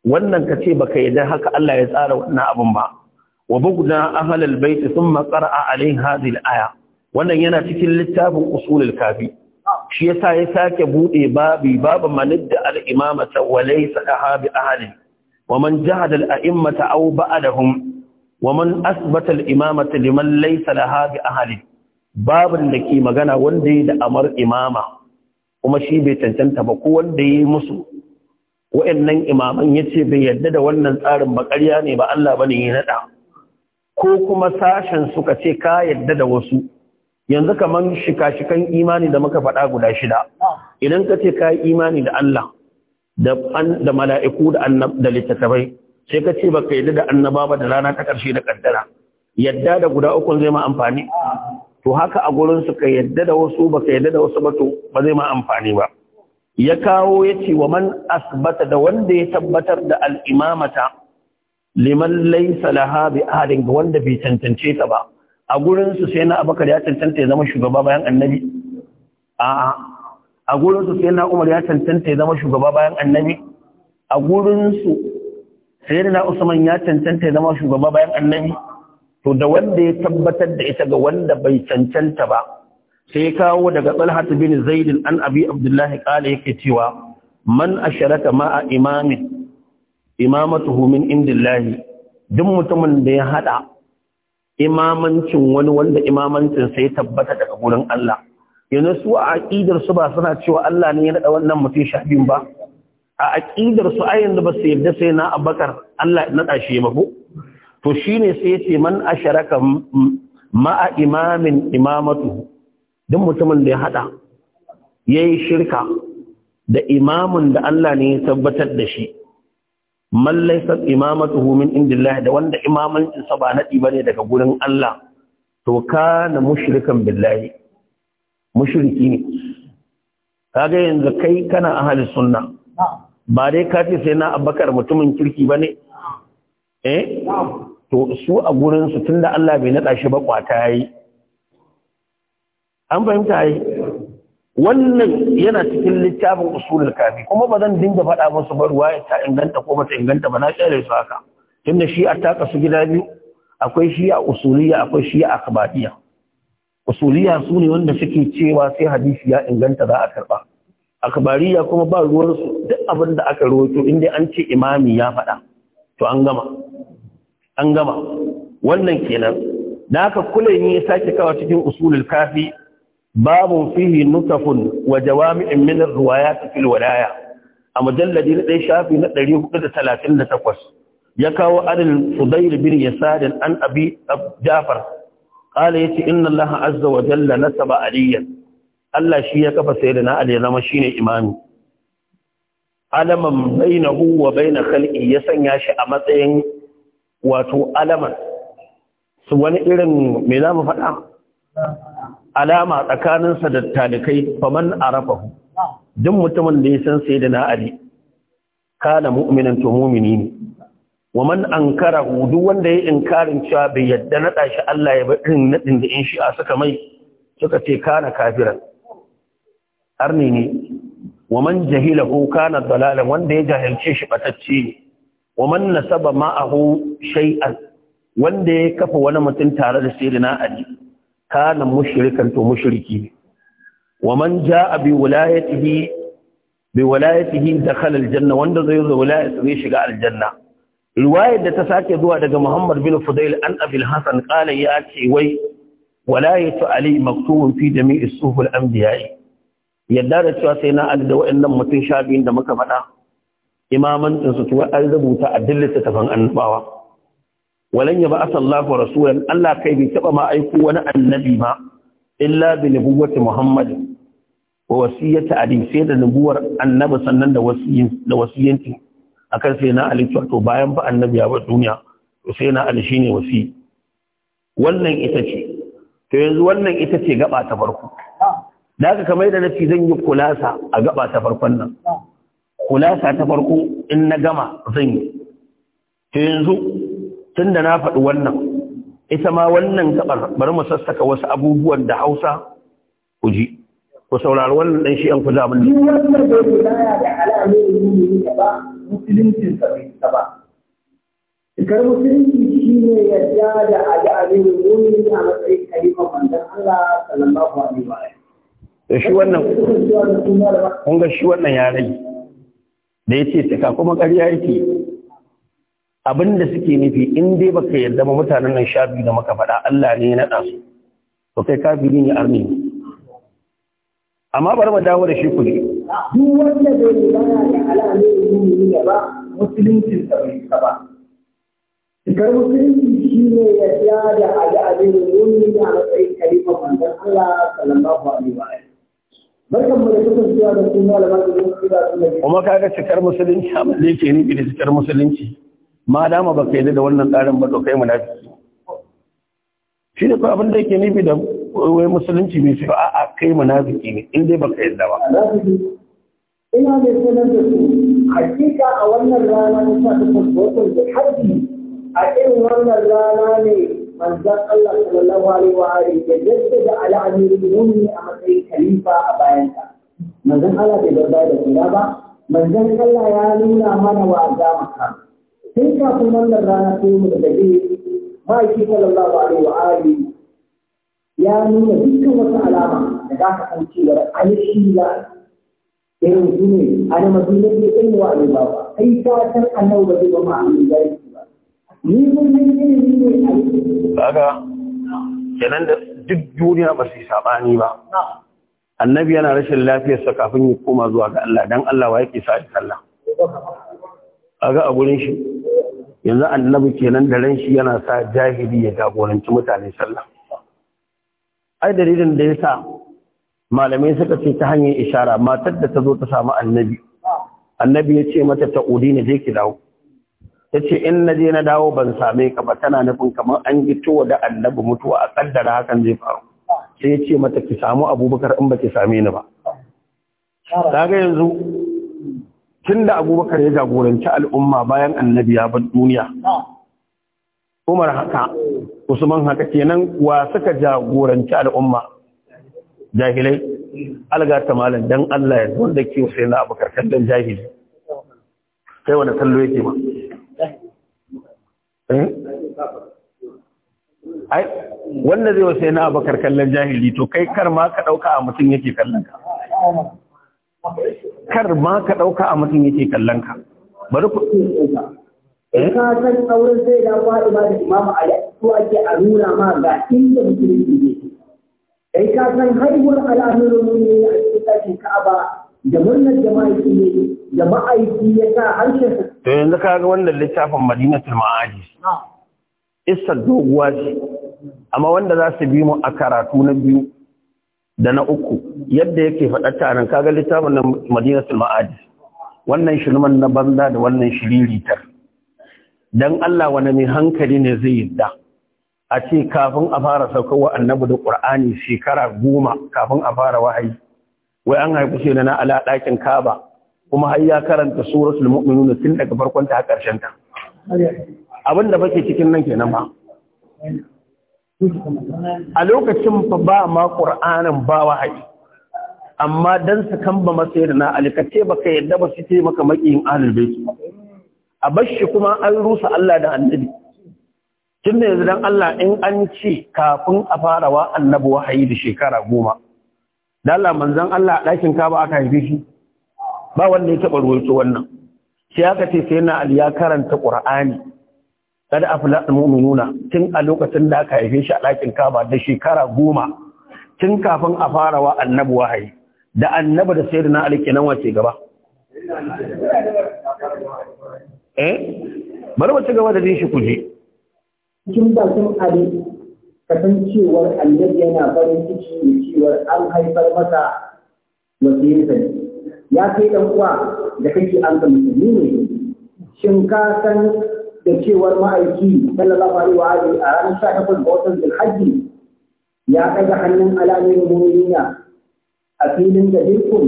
wannan kace baka yi dan haka Allah ya tsara wannan abun ba wa bugna ahlul baiti thumma qara'a alaihi hadhihi al wannan yana cikin littafin usulul kafi shi yasa ya sake bude babi babu manidda al-imamata wa laysa ahabi ahli wa man jahada al-a'immata aw ba'dahum ومن أثبت الإمامة لمن ليس لها بأهل باب لكي مغانا وندي لأمر إمامة وما شي بيتنتن تبقو وندي مسو وإنن إماما يتي بيدد ونن تارم بقرياني با الله بني ندع كوكما ساشن سكتي كا يدد وسو yanzu kaman شكا شكا imani da muka faɗa guda shida idan ka ce ka دا imani دا, Allah da mala'iku da sai ka ce baka yadda da annaba ba da rana ta ƙarshe da ƙaddara. yadda da guda uku zai ma amfani to haka a gurin su ka yadda da wasu baka yadda da wasu ba to ba zai ma amfani ba ya kawo ce wa man asbata da wanda ya tabbatar da al'imamata liman laisa laha bi ahadin wanda bai tantance ta ba a gurin su sai na abakar ya tantance ya zama shugaba bayan annabi a'a a gurin su sai na umar ya tantance ya zama shugaba bayan annabi a gurin su sayyidina usman ya cancanta ya zama shugaba bayan annabi to da wanda ya tabbatar da ita ga wanda bai cancanta ba sai ya kawo daga talhat bin zaid an abi abdullah qala yake cewa man asharaka ma'a imamin imamatuhu min indillahi duk mutumin da ya hada imamancin wani wanda imamancin sai tabbata daga gurin Allah yanzu su a aqidar su ba suna cewa Allah ne ya nada wannan mutum shafin ba a aƙidar su ayin da ba su yarda sai na abakar Allah na ɗashe mako to shine sai ya ce man asharaka ma'a imamin imamatu duk mutumin da ya haɗa ya yi shirka da imamin da Allah ne ya tabbatar da shi man Imamatu imamatuhu min indillah da wanda imamancin sa ba nadi bane daga gurin Allah to kana mushrikan billahi mushriki ne kaga yanzu kai kana ahli sunna ba dai ka ce sai na abakar mutumin kirki ba ne eh to su a gurinsu tunda Allah bai nada shi ba kwata ya an fahimta yi wannan yana cikin littafin usulul kafi kuma ba zan dinga faɗa musu ba ruwa ya ta inganta ko bata inganta ba na tsare su haka tunda shi a taka su gida biyu akwai shi a usuliya akwai shi a akbadiya usuliya sune ne wanda suke cewa sai hadisi ya inganta za a karba. akbariya kuma ba ruwansu duk abin da aka roto inda an ce imami ya faɗa to an gama an gama wannan kenan da aka yi ya sake kawo cikin usulul kafi Babu fihi nutafun wa jawami'in min ar-riwayat fil walaya a mujalladi na ɗaya shafi na 438 ya kawo adal Fudail bin Yasad an Abi Ja'far قال يتي إن الله عز وجل نسب عليا Allah shi ya kafa na Ali ya zama ne imami alaman na huwa wa na khalqi ya sanya shi a matsayin wato alaman su wani irin me zamu faɗa alama tsakaninsa da talikai faman arafahu duk mutumin da ya san da na Ali kana mu'minan to mu'mini ne wa man kara hudu wanda ya inkarin cewa bai yadda naɗa shi Allah ya ba irin naɗin da in shi'a suka mai suka ce kana kafiran arni ne wa man jahilahu kana dalalan wanda ya jahilce shi batacci ne wa man nasaba ma'ahu shay'an wanda ya kafa wani mutum tare da sirina ali kana mushrikan to mushriki wa man jaa bi wilayatihi bi wilayatihi dakhala aljanna wanda zai zo wilayatu zai shiga aljanna riwayar da ta sake zuwa daga Muhammad bin Fudail an Abil Hasan qala ya ce wai wilayatu ali maktubun fi jami'i suhul anbiya'i yadda da cewa sai na ali da waɗannan mutum sha biyun da muka faɗa imaman imamancin su tuwa an rubuta a dillin littattafan annabawa walan ya ba asallahu rasulan Allah kai bai taba ma aiko wani annabi ba illa bi nubuwwati muhammad wa wasiyyati ali sai da nubuwar annabi sannan da wasiyyin da wasiyyanci akan sai na ali to bayan ba annabi ya ba duniya to sai na ali shine wasi wannan ita ce to yanzu wannan ita ce gaba ta farko da aka kamar da nafi zan yi kulasa a gaba ta farkon nan kulasa ta farko in na gama zan yi to yanzu tun da na faɗi wannan ita ma wannan gabar bari mu sassaka wasu abubuwan da hausa ku ji ku saurari wannan ɗan shi ‘yan ku zaɓin da. wannan bai kulaya da alamun yi ba musulunci sa saba. Shekar musulunci shi ne yadda da alamun yi a matsayin kalimar wanda Allah sallallahu alaihi wa da eh, shi wannan kun shi wannan ya rai da ya ce saka kuma ƙarya yake abin da suke nufi in dai baka yarda ba mutanen nan sha biyu da maka faɗa Allah ne ya naɗa su to kai kafiri ne arni amma bari mu dawo da shi kuli duk wanda bai magana da alamin yin ne ba musulunci da bai ba Shigar musulunci shi ne ya da al'adun mu'mini a matsayin kalimar manzon Allah sallallahu alaihi wa kuma kaga cikar musulunci a da ke ni da cikar musulunci ma dama ba ka yi da wannan tsarin ba to kai munafiki shi da kuma abin da yake nufi da wai musulunci mai fi a'a kai mu na munafiki ne in dai ba ka yadda ba ina mai sanar da su hakika a wannan rana ta ta tabbatar da harbi a irin wannan rana ne manzan Allah sallallahu alaihi wa alihi ya jaddada ala amirul mu'minin a matsayin khalifa a bayan ka manzon Allah bai bar da kula ba manzan Allah ya nuna mana wa ga maka sai kafin wannan rana ko mu da dabi ba shi sallallahu alaihi wa alihi ya nuna dukkan wata alama da za ka san cewa an shi irin su ne a na madina bai kai wa ba. kai ta san annabawa zai ba ma zai kenan da duk duniya ba su yi saɓani ba annabi yana rashin lafiyarsa kafin ya koma zuwa ga Allah don Allah wa yake sa'i sallah kaga a gurin shi yanzu annabi kenan da ran shi yana sa jahili ya jagoranci mutane sallah ai dalilin da ya sa malamai suka ce ta hanyar ishara matar da ta zo ta samu annabi annabi ya ce mata ta udi na je ki dawo ta ce in na je na dawo ban same ka ba tana nufin kamar an tuwa da annabi mutuwa a kaddara hakan zai faru sai ya ce mata ki samu abubakar in ba ki same ni ba kaga yanzu tun da abubakar ya jagoranci al'umma bayan annabi ya bar duniya umar haka usman haka kenan wa suka jagoranci al'umma jahilai algata malam dan Allah ya wanda ke sai na abubakar kallon jahili sai wanda kallo yake ma Eh? ai wanda zai wasu yana abakar kallon jahili to kai kar ma ka ɗauka a mutum yake kallon ka kar ma ka ɗauka a mutum yake kallon ka bari ku eh? ka san auren sai da faɗi ba da imamu a yau? ake a nuna ma ga inda mutum yake kai ka san haihuwar al'amuran ne a cikin ɗakin ka'aba da murnar da ne da ma'aiki ya sa harshen to yanzu kaga wannan littafin madinatul ma'aji issa doguwa ce amma wanda za su bi mu a karatu na biyu da na uku yadda yake faɗa ta kaga littafin na madinatul ma'aji wannan shirman na banza da wannan shiriritar dan Allah wani mai hankali ne zai yadda a ce kafin a fara saukar wa annabi da ƙur'ani shekara goma kafin a fara wahayi wai an haifi shi na ala ɗakin kaba kuma har ya karanta suratul mu'minun tun daga farkon ta karshen ta abin da bake cikin nan kenan ba a lokacin fa ba ma qur'anin ba wahayi amma dan su kamba masayar na alkace baka yadda ba su ce maka makiyin ahlul bait a bashi kuma an rusa Allah da annabi Tunda yanzu dan Allah in an ce kafin a fara wa annabi wahayi da shekara goma dala manzan Allah a ɗakin kaba aka haife shi ba wanda ya taɓa ruwaito wannan Shi aka ce sai na ali ya karanta qur'ani kada afla mu'minuna tun a lokacin da aka haife shi a ɗakin kaba da shekara goma tun kafin a farawa annabi wahayi da Annabi da sayyidina ali kenan wace gaba eh bari mu ci gaba da jin shi kuje kin ba sun ali kasancewar annabi yana farin ciki cewar an haifar masa wasiyinsa ne ya kai ɗan uwa da kake an ga musulmi ne shin ka san da cewar ma'aiki sallallahu alaihi wa alihi a ranar 18 ga watan Zulhajji ya ɗaga hannun alamin mu'minina a filin da dukkan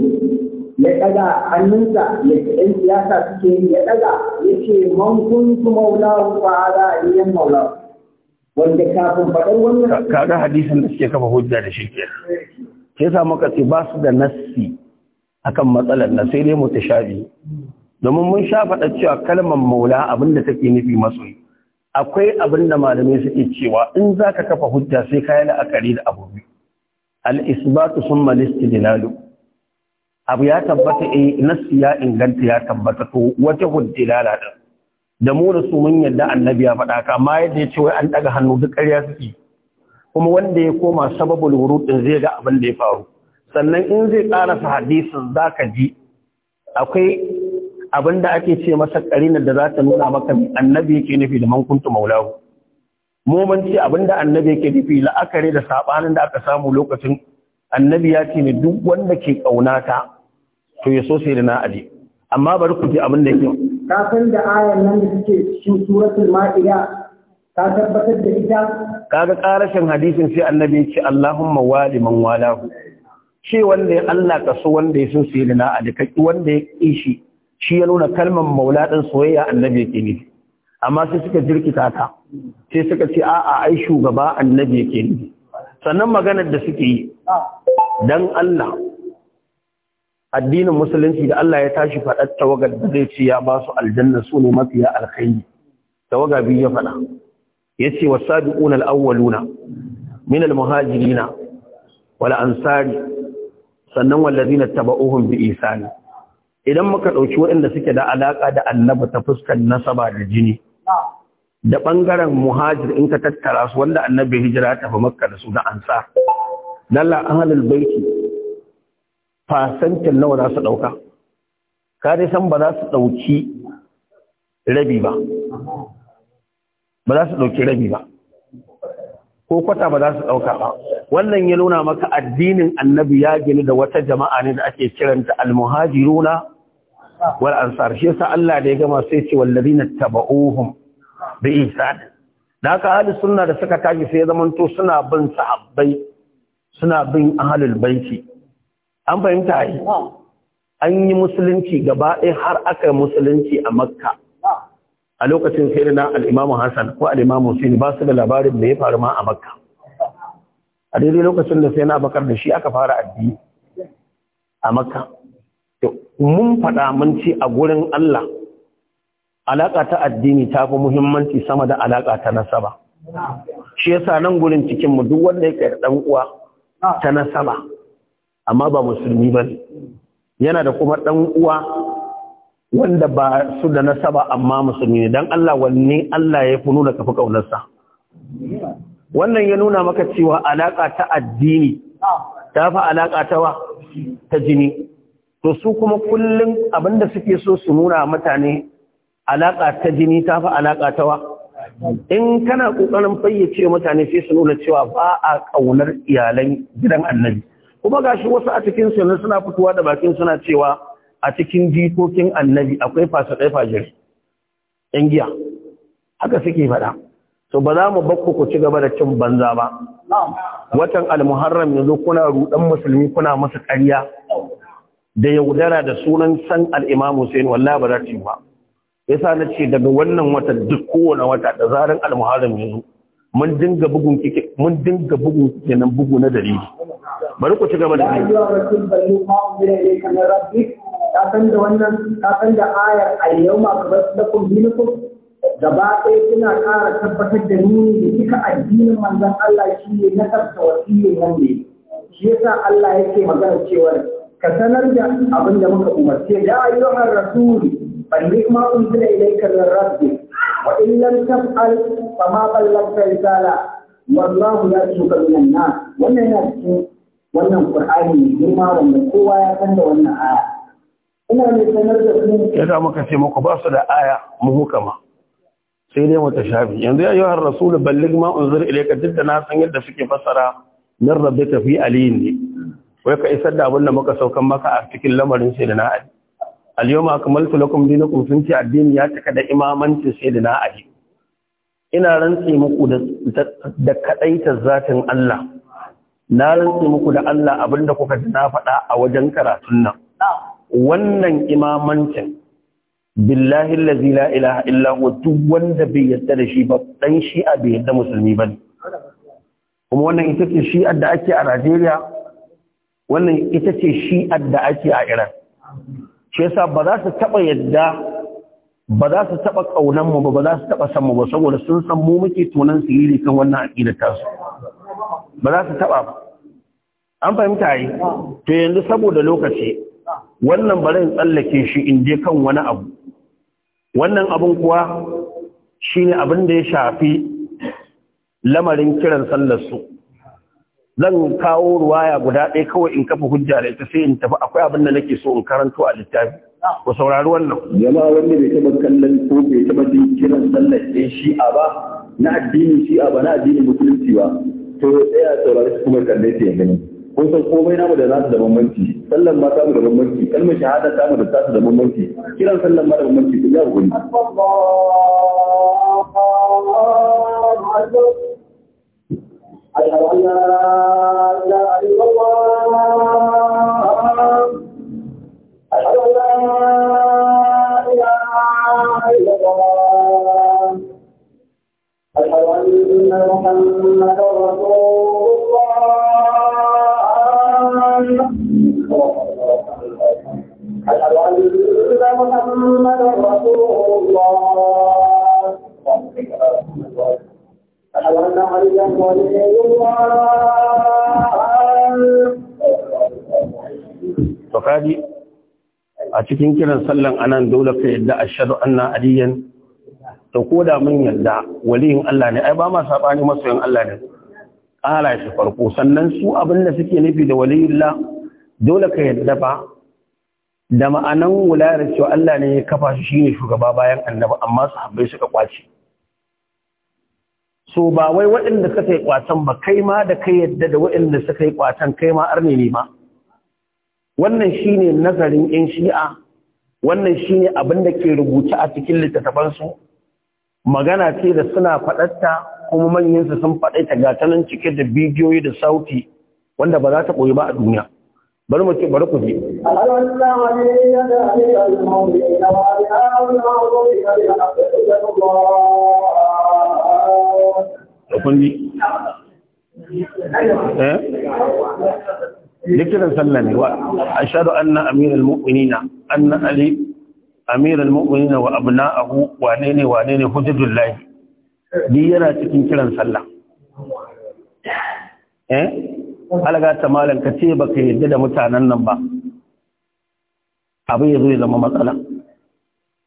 ya ɗaga hannunsa ya ce ‘yan siyasa suke yi ya ɗaga ya ce man kuntu maulahu a ala aliyan maula wanda kafin faɗar wannan kaga hadisin da suke kafa hujja da shi ke sai sa muka ce ba su da nassi akan matsalar na sai dai mutashabi domin mun sha faɗa cewa kalmar maula abinda take nufi masoyi akwai abinda malamai suke cewa in zaka kafa hujja sai kayi la'akari da abu al-isbatu summa da istidlalu abu ya tabbata eh nassi ya inganta ya tabbata to wata hujjilala lalata. da mu da su mun yadda annabi ya faɗa ka amma yadda ya ce wai an ɗaga hannu duk ƙarya suke kuma wanda ya koma sababul wurud din zai ga abin da ya faru sannan in zai sa hadisin zaka ji akwai abin da ake ce masa ƙarinar da za ta nuna maka annabi yake nufi da man kuntu maulahu mu mun ce abin da annabi yake nufi la'akari da sabanin da aka samu lokacin annabi ya ce ne duk wanda ke kaunata to ya so sai da na aje amma bari ku ji abin da yake ka san da ayan nan da suke cikin suratul ma'ida ka tabbatar da ita kaga karashin hadisin sai annabi ce Allahumma wali man walahu ce wanda ya Allah ka so wanda ya so sai na ali wanda ya kishi shi ya nuna kalmar maula dan soyayya annabi yake ne amma sai suka jirkita ta sai suka ce a'a ai shugaba annabi yake ne sannan maganar da suke yi dan Allah addinin musulunci da Allah ya tashi faɗar tawagar da zai ce ya ba su aljanna su ne mafiya alkhairi tawaga biyu ya faɗa ya ce wa sabiquna al-awwaluna min al-muhajirina wal ansari sannan wallazina taba'uhum bi ihsani idan muka ɗauki waɗanda suke da alaƙa da annabi ta fuskar nasaba da jini da ɓangaren muhajir in ka tattara su wanda annabi hijira ta fi makka da su da ansa lalla ahlul baiti fasantin nawa za su ɗauka ka san ba za su ɗauki rabi ba ba za su ɗauki rabi ba ko kwata ba za su ɗauka ba wannan ya nuna maka addinin annabi ya gini da wata jama'a ne da ake kiranta almuhajiruna wal ansar shi yasa Allah da ya gama sai ce wallazina taba'uhum bi ihsan da haka ahli sunna da suka tashi sai zaman to suna bin sahabbai suna bin ahlul baiti an fahimta yi an yi musulunci gaba ɗaya har aka musulunci a makka a lokacin sai na al'imamu hassan ko al'imamu hussein ba su da labarin da ya faru ma a makka a daidai lokacin da sai na bakar da shi aka fara addini a makka mun faɗa mun ce a gurin allah alaƙa ta addini ta fi muhimmanci sama da alaka ta nasaba shi yasa nan gurin cikinmu duk wanda ya ƙarɗan uwa ta nasaba amma ba musulmi ba yana da kuma ɗan uwa wanda ba su da nasaba amma musulmi ne don Allah wanne Allah ya fi nuna kafi ƙaunarsa wannan ya nuna maka cewa alaƙa ta addini ta fi alaƙa ta wa ta jini to su kuma kullum abinda suke so su nuna mutane alaƙa ta jini ta fi alaƙa ta wa in kana ƙoƙarin fayyace mutane sai su nuna cewa ba a ƙaunar iyalan gidan annabi kuma ga shi wasu a cikin sunan suna fitowa da bakin suna cewa a cikin jikokin annabi akwai fasadai fajiri yan giya haka suke faɗa to ba za mu bakku ku ci gaba da cin banza ba watan almuharram yanzu kuna rudan musulmi kuna masa ƙarya da yaudara da sunan san al'imamu sai wallahi ba za ta yi ba yasa na ce daga wannan wata duk kowane wata da zarin almuharram yanzu mun dinga bugun kike mun dinga bugun kenan bugu na dalili bari ku ci gaba da kai ka san da wannan ka san da ayar al-yawma akbaru dinukum gaba ɗaya suna ƙara tabbatar da ni da duka addinin manzon Allah shi ne na karta wasiyyar nan ne shi yasa Allah yake magana cewa ka sanar da abin da muka umarce ya ayyuhar rasul balli ma unzila ilayka min rabbik وإن لم تفعل فما بلغت رسالة والله يرجوك من الناس ومن الناس wannan Qur'ani ne, girma wanda kowa ya san da wannan aya. Ina ne sanar da su. Yadda muka ce muku ba su da aya mu hukama. Sai dai mata shafi. Yanzu ya yawan Rasul ballig ma unzir ilayka duk da na san yadda suke fasara, min rabbika fi aliyin ne. Wai ka isar da abin da muka saukan maka a cikin lamarin sai da na ali. al-yawma akmaltu lakum dinakum sun ce addini ya cika da imamanci sai da na ali ina rantsi muku da kaɗaitar kadaita Allah na rantsi muku da Allah abinda kuka ji na faɗa a wajen karatun nan wannan imamancin billahi allazi la ilaha illa duk wanda bai yarda da shi ba shi'a bai yarda musulmi ba kuma wannan ita ce shi'ar da ake a Najeriya wannan ita ce shi'ar da ake a Iran shi yasa ba za su taba yadda ba za su taba kaunan mu ba ba za su taba san mu ba saboda sun san mu muke su sirri kan wannan aqida ta su ba za su taba ba an fahimta yi to yanzu saboda lokaci wannan ba zan tsallake shi in je kan wani abu wannan abun kuwa shine abin da ya shafi lamarin kiran sallar su zan kawo ruwaya guda ɗaya kawai in kafa hujja da ita sai in tafi akwai abin da nake so in karanto a littafi ko saurari wannan jama'a wanda bai taba kallon ko bai taba jin kiran sallar ɗin shi'a ba na addini shi'a ba na addinin musulunci ba to ya tsaya saurari su kuma kalle ta yanzu gani ko san komai namu da nasu da bambanci sallan ma tamu da bambanci kalmar shahada tamu da tasu da bambanci kiran sallan ma da bambanci ku ya gani أشهد أن لا إله إلا الله أشهد أن لا إله إلا الله أشهد أن محمدا رسول الله أشهد أن محمدا رسول الله To a cikin kiran sallan anan dole ka yadda ashhadu anna aliyan to koda mun yadda waliyin Allah ne ai ba ma sabani masoyin Allah ne ƙara shi farko sannan su abin da suke nufi da waliyullah dole ka yadda ba da ma'anan wulayar cewa Allah ne ya kafa shi shine shugaba bayan annabi amma sahabbai suka kwace so ba wai waɗanda suka yi kwatan ba kai ma da kai yadda da waɗanda suka yi kwatan kai ma arne ne ma wannan shine nazarin yan shi'a wannan shine abin da ke rubuce a cikin littattafansu magana ce da suna faɗatta kuma manyansu sun faɗaita ga cike da bidiyoyi da sauti wanda ba za ta ɓoye ba a duniya bari mu ce bari ku ji kundi eh? sallah ne wa ashhadu anna amiral mu'minina ali amiral mu'minina wa wane ne wane ne hujjatullah yana cikin kiran sallah eh? alaga ta malam ka ce baka yarda da mutanen nan ba abin ya ya zama matsala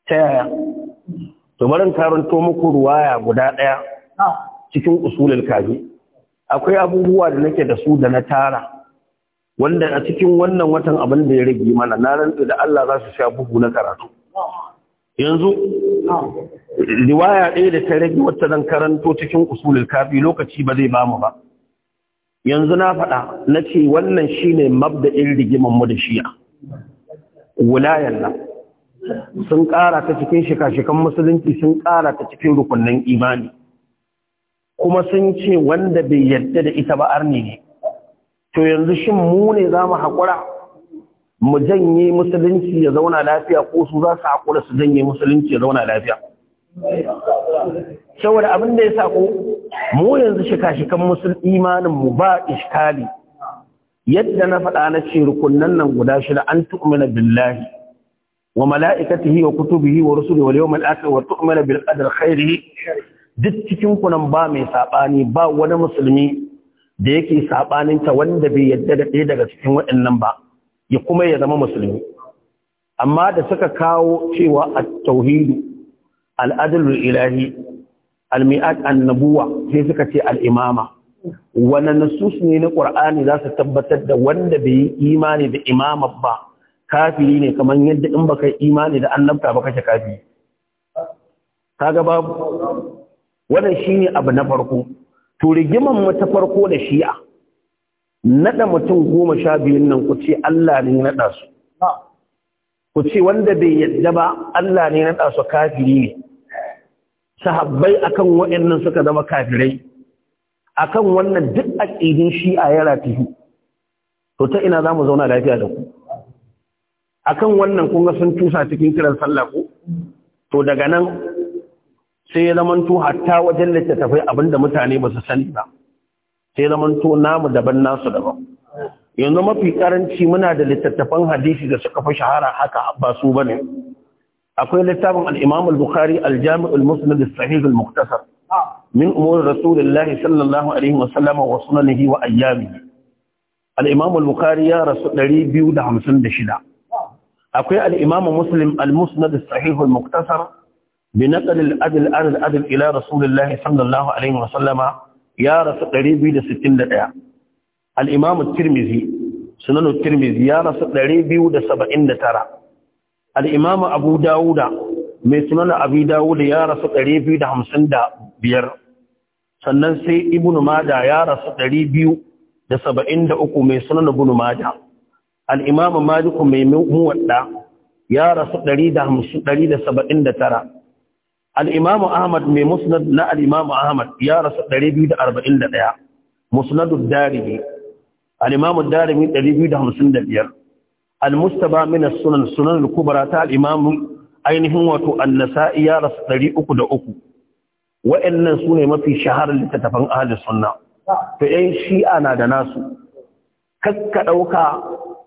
ta yaya to barin karanto muku ruwaya guda ɗaya cikin usulul kaji akwai abubuwa da nake da su da na tara wanda a cikin wannan watan abin da ya rage mana na rantsu da Allah za su sha bugu na karatu yanzu riwaya ɗaya da ta rage wata zan karanto cikin usulul kafi lokaci ba zai bamu ba yanzu na faɗa na ce wannan shi ne mabda'in mu da shiya wulayen nan sun ƙara ta cikin shika-shikan musulunci sun ƙara ta cikin rukunin imani kuma sun ce wanda bai yadda da ita ba arni ne to yanzu shin mu ne za mu haƙura mu janye musulunci ya zauna lafiya ko su za su haƙura su janye musulunci ya zauna lafiya saboda abin da ya sa mu yanzu shika-shikan musul imanin mu ba iskali yadda na faɗa na ce rukunan nan guda shida an tu'mina billahi wa mala'ikatihi wa kutubihi wa rusulihi wal yawmil akhir wa tu'mina bil khairihi duk cikin ku nan ba mai sabani ba wani musulmi da yake sabanin ta wanda bai yadda da ɗaya daga cikin waɗannan ba ya kuma ya zama musulmi amma da suka kawo cewa at-tauhid al-adl ilahi Al-Mai'ad almi'at nabuwa sai suka ce al imama wani nasus ne na ƙur'ani za su tabbatar da wanda bai yi imani da imama ba kafiri ne kamar yadda in baka imani da annabta ba kashe kafiri kaga babu wannan shine abu na farko to rigiman mu ta farko da shi'a nada mutum goma sha biyun nan ku ce Allah ne ya nada su ku ce wanda bai yadda ba Allah ne ya nada su kafiri ne sahabbai akan wa'annan suka zama kafirai akan wannan duk aqidin shi'a ya ratihu to ta ina zamu zauna lafiya da ku akan wannan kun ga sun tusa cikin kiran sallah ko to daga nan sai ya to hatta wajen littattafai abinda mutane ba su sani ba sai ya to namu daban nasu daban yanzu mafi karanci muna da littattafan hadisi da suka fi shahara haka ba su bane akwai littafin al-Imam al-Bukhari al-Jami' al-Musnad sahih al min umur Rasulullah sallallahu alaihi wa sallam wa sunanihi wa ayyamihi al-Imam al-Bukhari ya rasu 256 akwai al-Imam Muslim al-Musnad al-Sahih al-Mukhtasar بنقل الأدل عن الأدل إلى رسول الله صلى الله عليه وسلم يا رسول قريبي لستين دقيقة الإمام الترمذي سنن الترمذي يا رسول قريبي لسبعين al'imamu abu dawuda mai sunan abu dawuda ya rasu 255 sannan sai ibn mada ya rasu 273 mai sunan ibn mada al'imamu maliku mai muwadda ya rasu 179 al'imamu ahmad mai musnad na al'imamu ahmad ya rasu 241 musnadun darimi al'imamu darimi 255 al-mustaba min sunan sunan al ta al ainihin wato annasa'i ya rasu uku wa'annan sune mafi shaharar littattafan ahalin sunna to yan shi'a na da nasu kakka ɗauka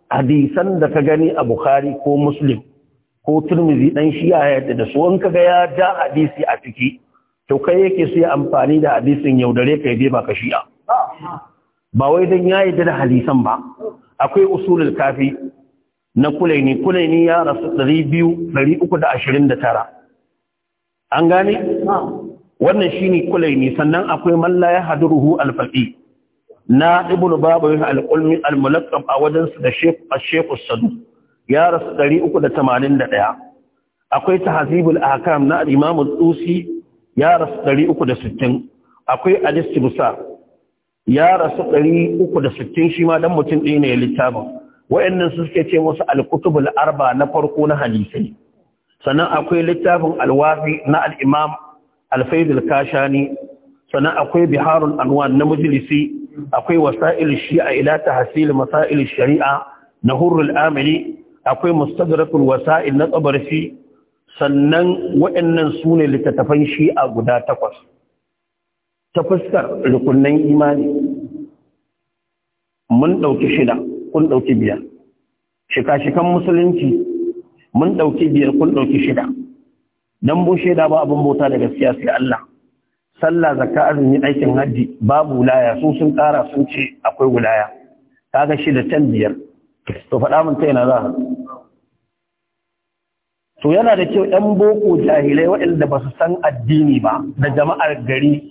hadisan da ka gani a bukhari ko muslim ko turmizi dan shi'a ya yadda da su an kaga ya ja hadisi a ciki to kai yake su yi amfani da hadisin yaudare kai bai ka shi'a ba wai dan ya yadda da hadisan ba akwai usulul kafi na kulaini kulaini ya rasu tara. an gane? wannan shi ne kulaini sannan akwai malla ya ruhu alfaƙi na ibn babu yin alƙulmi almulakab a wajensu da shekus sadu ya rasu 381 akwai tahazibul ahkam na imamu tsusi ya rasu 360 akwai alistibusa ya rasu 360 shi ma dan mutum ɗaya ne littafin Wa'annan su suke ce musu al-kutubul arba na farko na hadisai sannan akwai littafin al-wafi na al-imam al-faid al-kashani sannan akwai biharul anwan na majlisi akwai wasa'il shi'a ila tahsil masail shari'a na hurrul amili akwai mustadrakul wasa'il na tabarsi sannan wa'annan su ne littattafan shi'a guda takwas ta fuskar rukunan imani mun ɗauki shida kun ɗauki biyar shika-shikan musulunci mun ɗauki biyar kun ɗauki shida don bu shaida ba abin bauta da gaskiya sai Allah sallah zakka azumi aikin hajji babu wulaya su sun ƙara sun ce akwai wulaya kaga shida can biyar to faɗa min ta yana za to yana da kyau ɗan boko jahilai waɗanda ba su san addini ba da jama'ar gari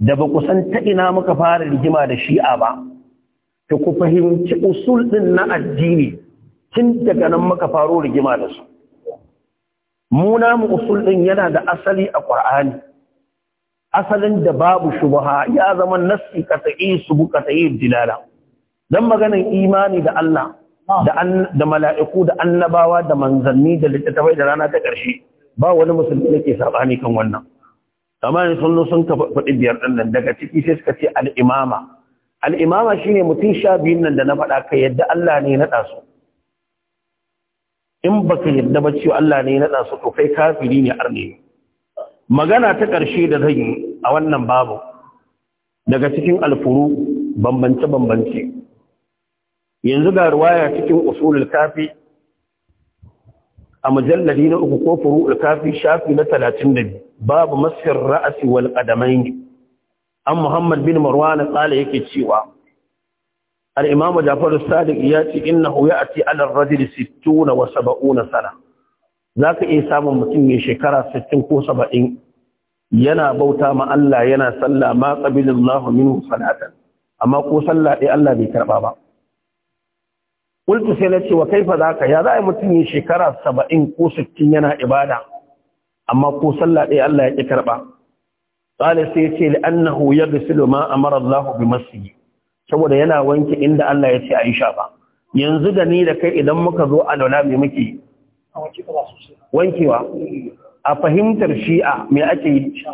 da ba ku san ta ina muka fara rigima da shi'a ba to ku fahimci usul din na addini tun daga nan muka faro rigima da su mu usul din yana da asali a Qur'ani asalin da babu shubaha ya zama nassi qat'i subu qat'i dilala dan maganin imani da Allah da mala'iku da annabawa da manzanni da littattafai da rana ta ƙarshe ba wani musulmi da ke saɓani kan wannan. Amma ne sun sun faɗi biyar ɗan nan daga ciki sai suka ce al'imama al'imama shi ne mutum sha biyun nan da na faɗa ka yadda Allah ne naɗa ɗasu in ba ka yadda ba ce Allah ne naɗa ɗasu to kai kafiri ne arne magana ta ƙarshe da zai yi a wannan babu daga cikin alfuru bambance-bambance yanzu ga ruwaya cikin usul kafi a mujallari na uku ko furu kafi shafi na talatin da biyu babu masfin ra'asi wal ƙadamai an muhammad bin marwan tsala yake cewa al-imamu jafar sadiq ya ce innahu ya'ti ala ar-rajul 60 wa 70 sana zaka iya samun mutum mai shekara 60 ko 70 yana bauta ma Allah yana sallah ma qabilillahu minhu salatan amma ko sallah dai Allah bai karba ba Kultu sai na ce wa kaifa zaka ya za a mutum yin shekara saba'in ko sittin yana ibada amma ko sallah ɗaya Allah ya ƙi karɓa. qala sai yace li ya yaghsilu ma marar Zahu bi masigi, saboda yana wanke inda Allah ya ce Aisha ba yanzu da ni da kai idan muka zo alwala me muke wankewa a fahimtar shi'a me ake yi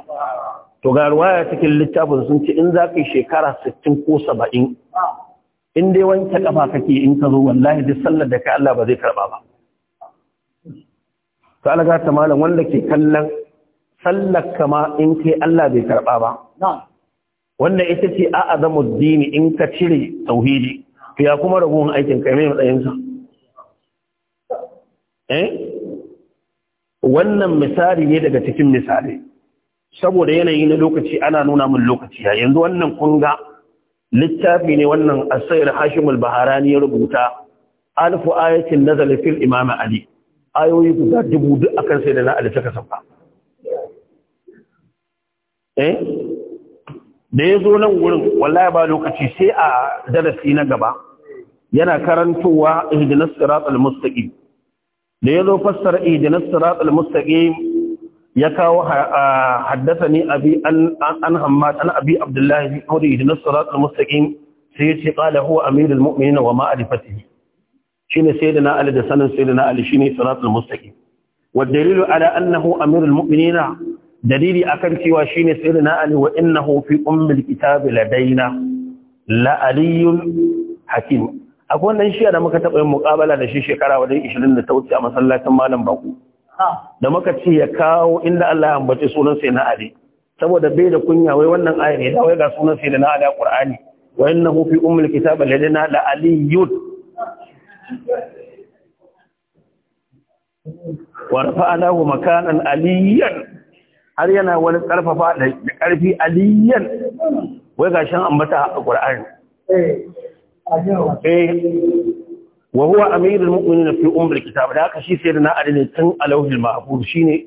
to ga ruwaya cikin littafin sun ce in za ka yi shekara 60 ko 70 in dai wanke kafa kake in ka zo wallahi duk sallar da kai Allah ba zai karba ba to Allah ta malam wanda ke kallon sallar kama in kai Allah bai karɓa ba wannan ita ce a azamu dini in ka cire tauhidi ya kuma raguwan aikin kai mai matsayinsa eh? wannan misali ne daga cikin misali saboda yanayi na lokaci ana nuna min lokaci ya yanzu wannan kunga littafi ne wannan asayar hashimul baharani ya rubuta alfu ayatin nazala fil ali ayoyi guda dubu duk akan sai da na ali saka eh da ya zo nan wurin wallahi ba lokaci sai a darasi na gaba yana karantowa ihdinas siratal mustaqim da ya zo fassara ihdinas siratal mustaqim ya kawo haddathani abi an an hammad an abi abdullahi bi qawli ihdinas siratal mustaqim sai ya ce qala huwa amirul mu'minin wa ma'rifatihi shine sayyidina ali da sanin sayyidina ali shine siratal mustaqim والدليل على أنه أمير المؤمنين dalili akan cewa shine sayyidina ali wa innahu fi ummil kitabi ladaina la aliyun hakim akwai wannan shi da muka taɓa yin muqabala da shi shekara wajen 20 da ta wuce a masallacin malam baku da muka ce ya kawo inda Allah ya ambace sunan sayyidina ali saboda bai da kunya wai wannan aya ne da wai ga sunan sai da na a qur'ani wa innahu fi ummul kitab ladaina la aliyun wa rafa'nahu makanan aliyan har yana wani ƙarfafa da ƙarfi aliyan wai ga shan ambata a ƙwar'ani eh, wa huwa amirul na fi umar kitabu. da haka shi sai da na adalin tun alauhil Shi shine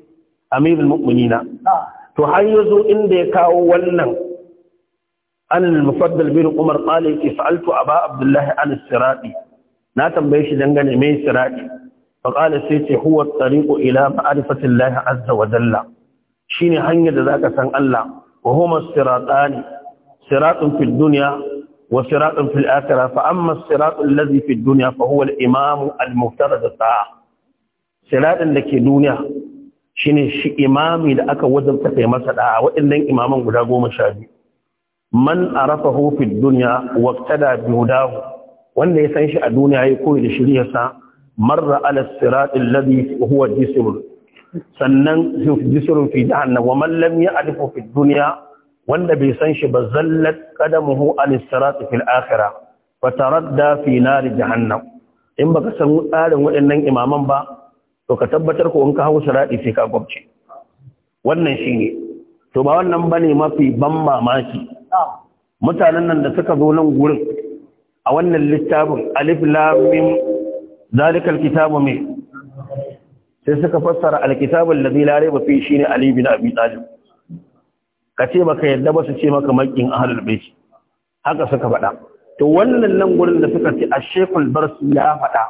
amirul na. to har yazo inda ya kawo wannan an al-mufaddal bin umar ke ki a aba abdullahi an sirati na tambaye shi dangane mai sirati fa sai ce huwa at ila ma'rifati allah azza wa shine hanyar da zaka san Allah wa huma siratani siratun fid wa siratun fil fa amma siratun ladhi fid dunya fa huwa al imam al sa'a siratun dake duniya shine shi imami da aka wajabta kai masa da'a waɗannan imaman guda goma sha biyu man arafahu fid dunya wa qtada bi hudahu wanda ya san shi a duniya ya koyi da shiryarsa marra ala sirat alladhi huwa jism sannan jisrun fi jahannam wa man lam ya'rifu fi dunya wanda bai san shi ba zallat qadamuhu an sirat fil akhirah fa taradda fi nar jahannam in baka san tsarin waɗannan imaman ba to ka tabbatar ko in ka hawo sirati sai ka gwabce wannan shine to ba wannan bane mafi ban mamaki mutanen nan da suka zo nan gurin a wannan littafin alif lam mim zalikal kitabu mai sai suka fassara alkitabul ladhi la rayba fi ne ali bin abi talib ka ce maka yadda ba su ce maka makin ahlul bayt haka suka faɗa to wannan nan gurin da suka ce ash-shaykhul barsi ya faɗa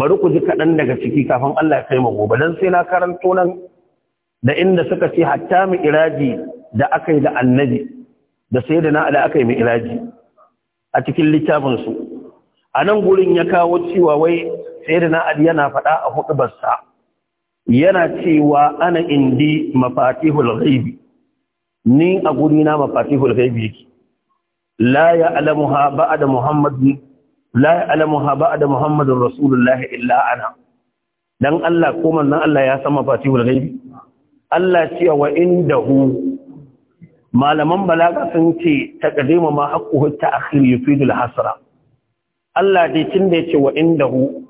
bari ku ji kaɗan daga ciki kafin Allah ya kai mu gobe dan sai na karanto nan da inda suka ce hatta mu iraji da aka yi da annabi da sayyidina da aka yi mu iraji a cikin littafin su a nan gurin ya kawo cewa wai sayyidina ali yana faɗa a hudubarsa yana cewa ana indi mafatihul ghaibi ni a gurina mafatihul ghaibi yake la ya'lamuha ba'da muhammad la ya'lamuha ba'da muhammadur rasulullah illa ana dan Allah ko manzon Allah ya san mafatihul ghaibi Allah cewa wa indahu malaman balaga sun ce taqdimu ma haqquhu ta'khir yufidul hasra Allah dai tunda yace wa indahu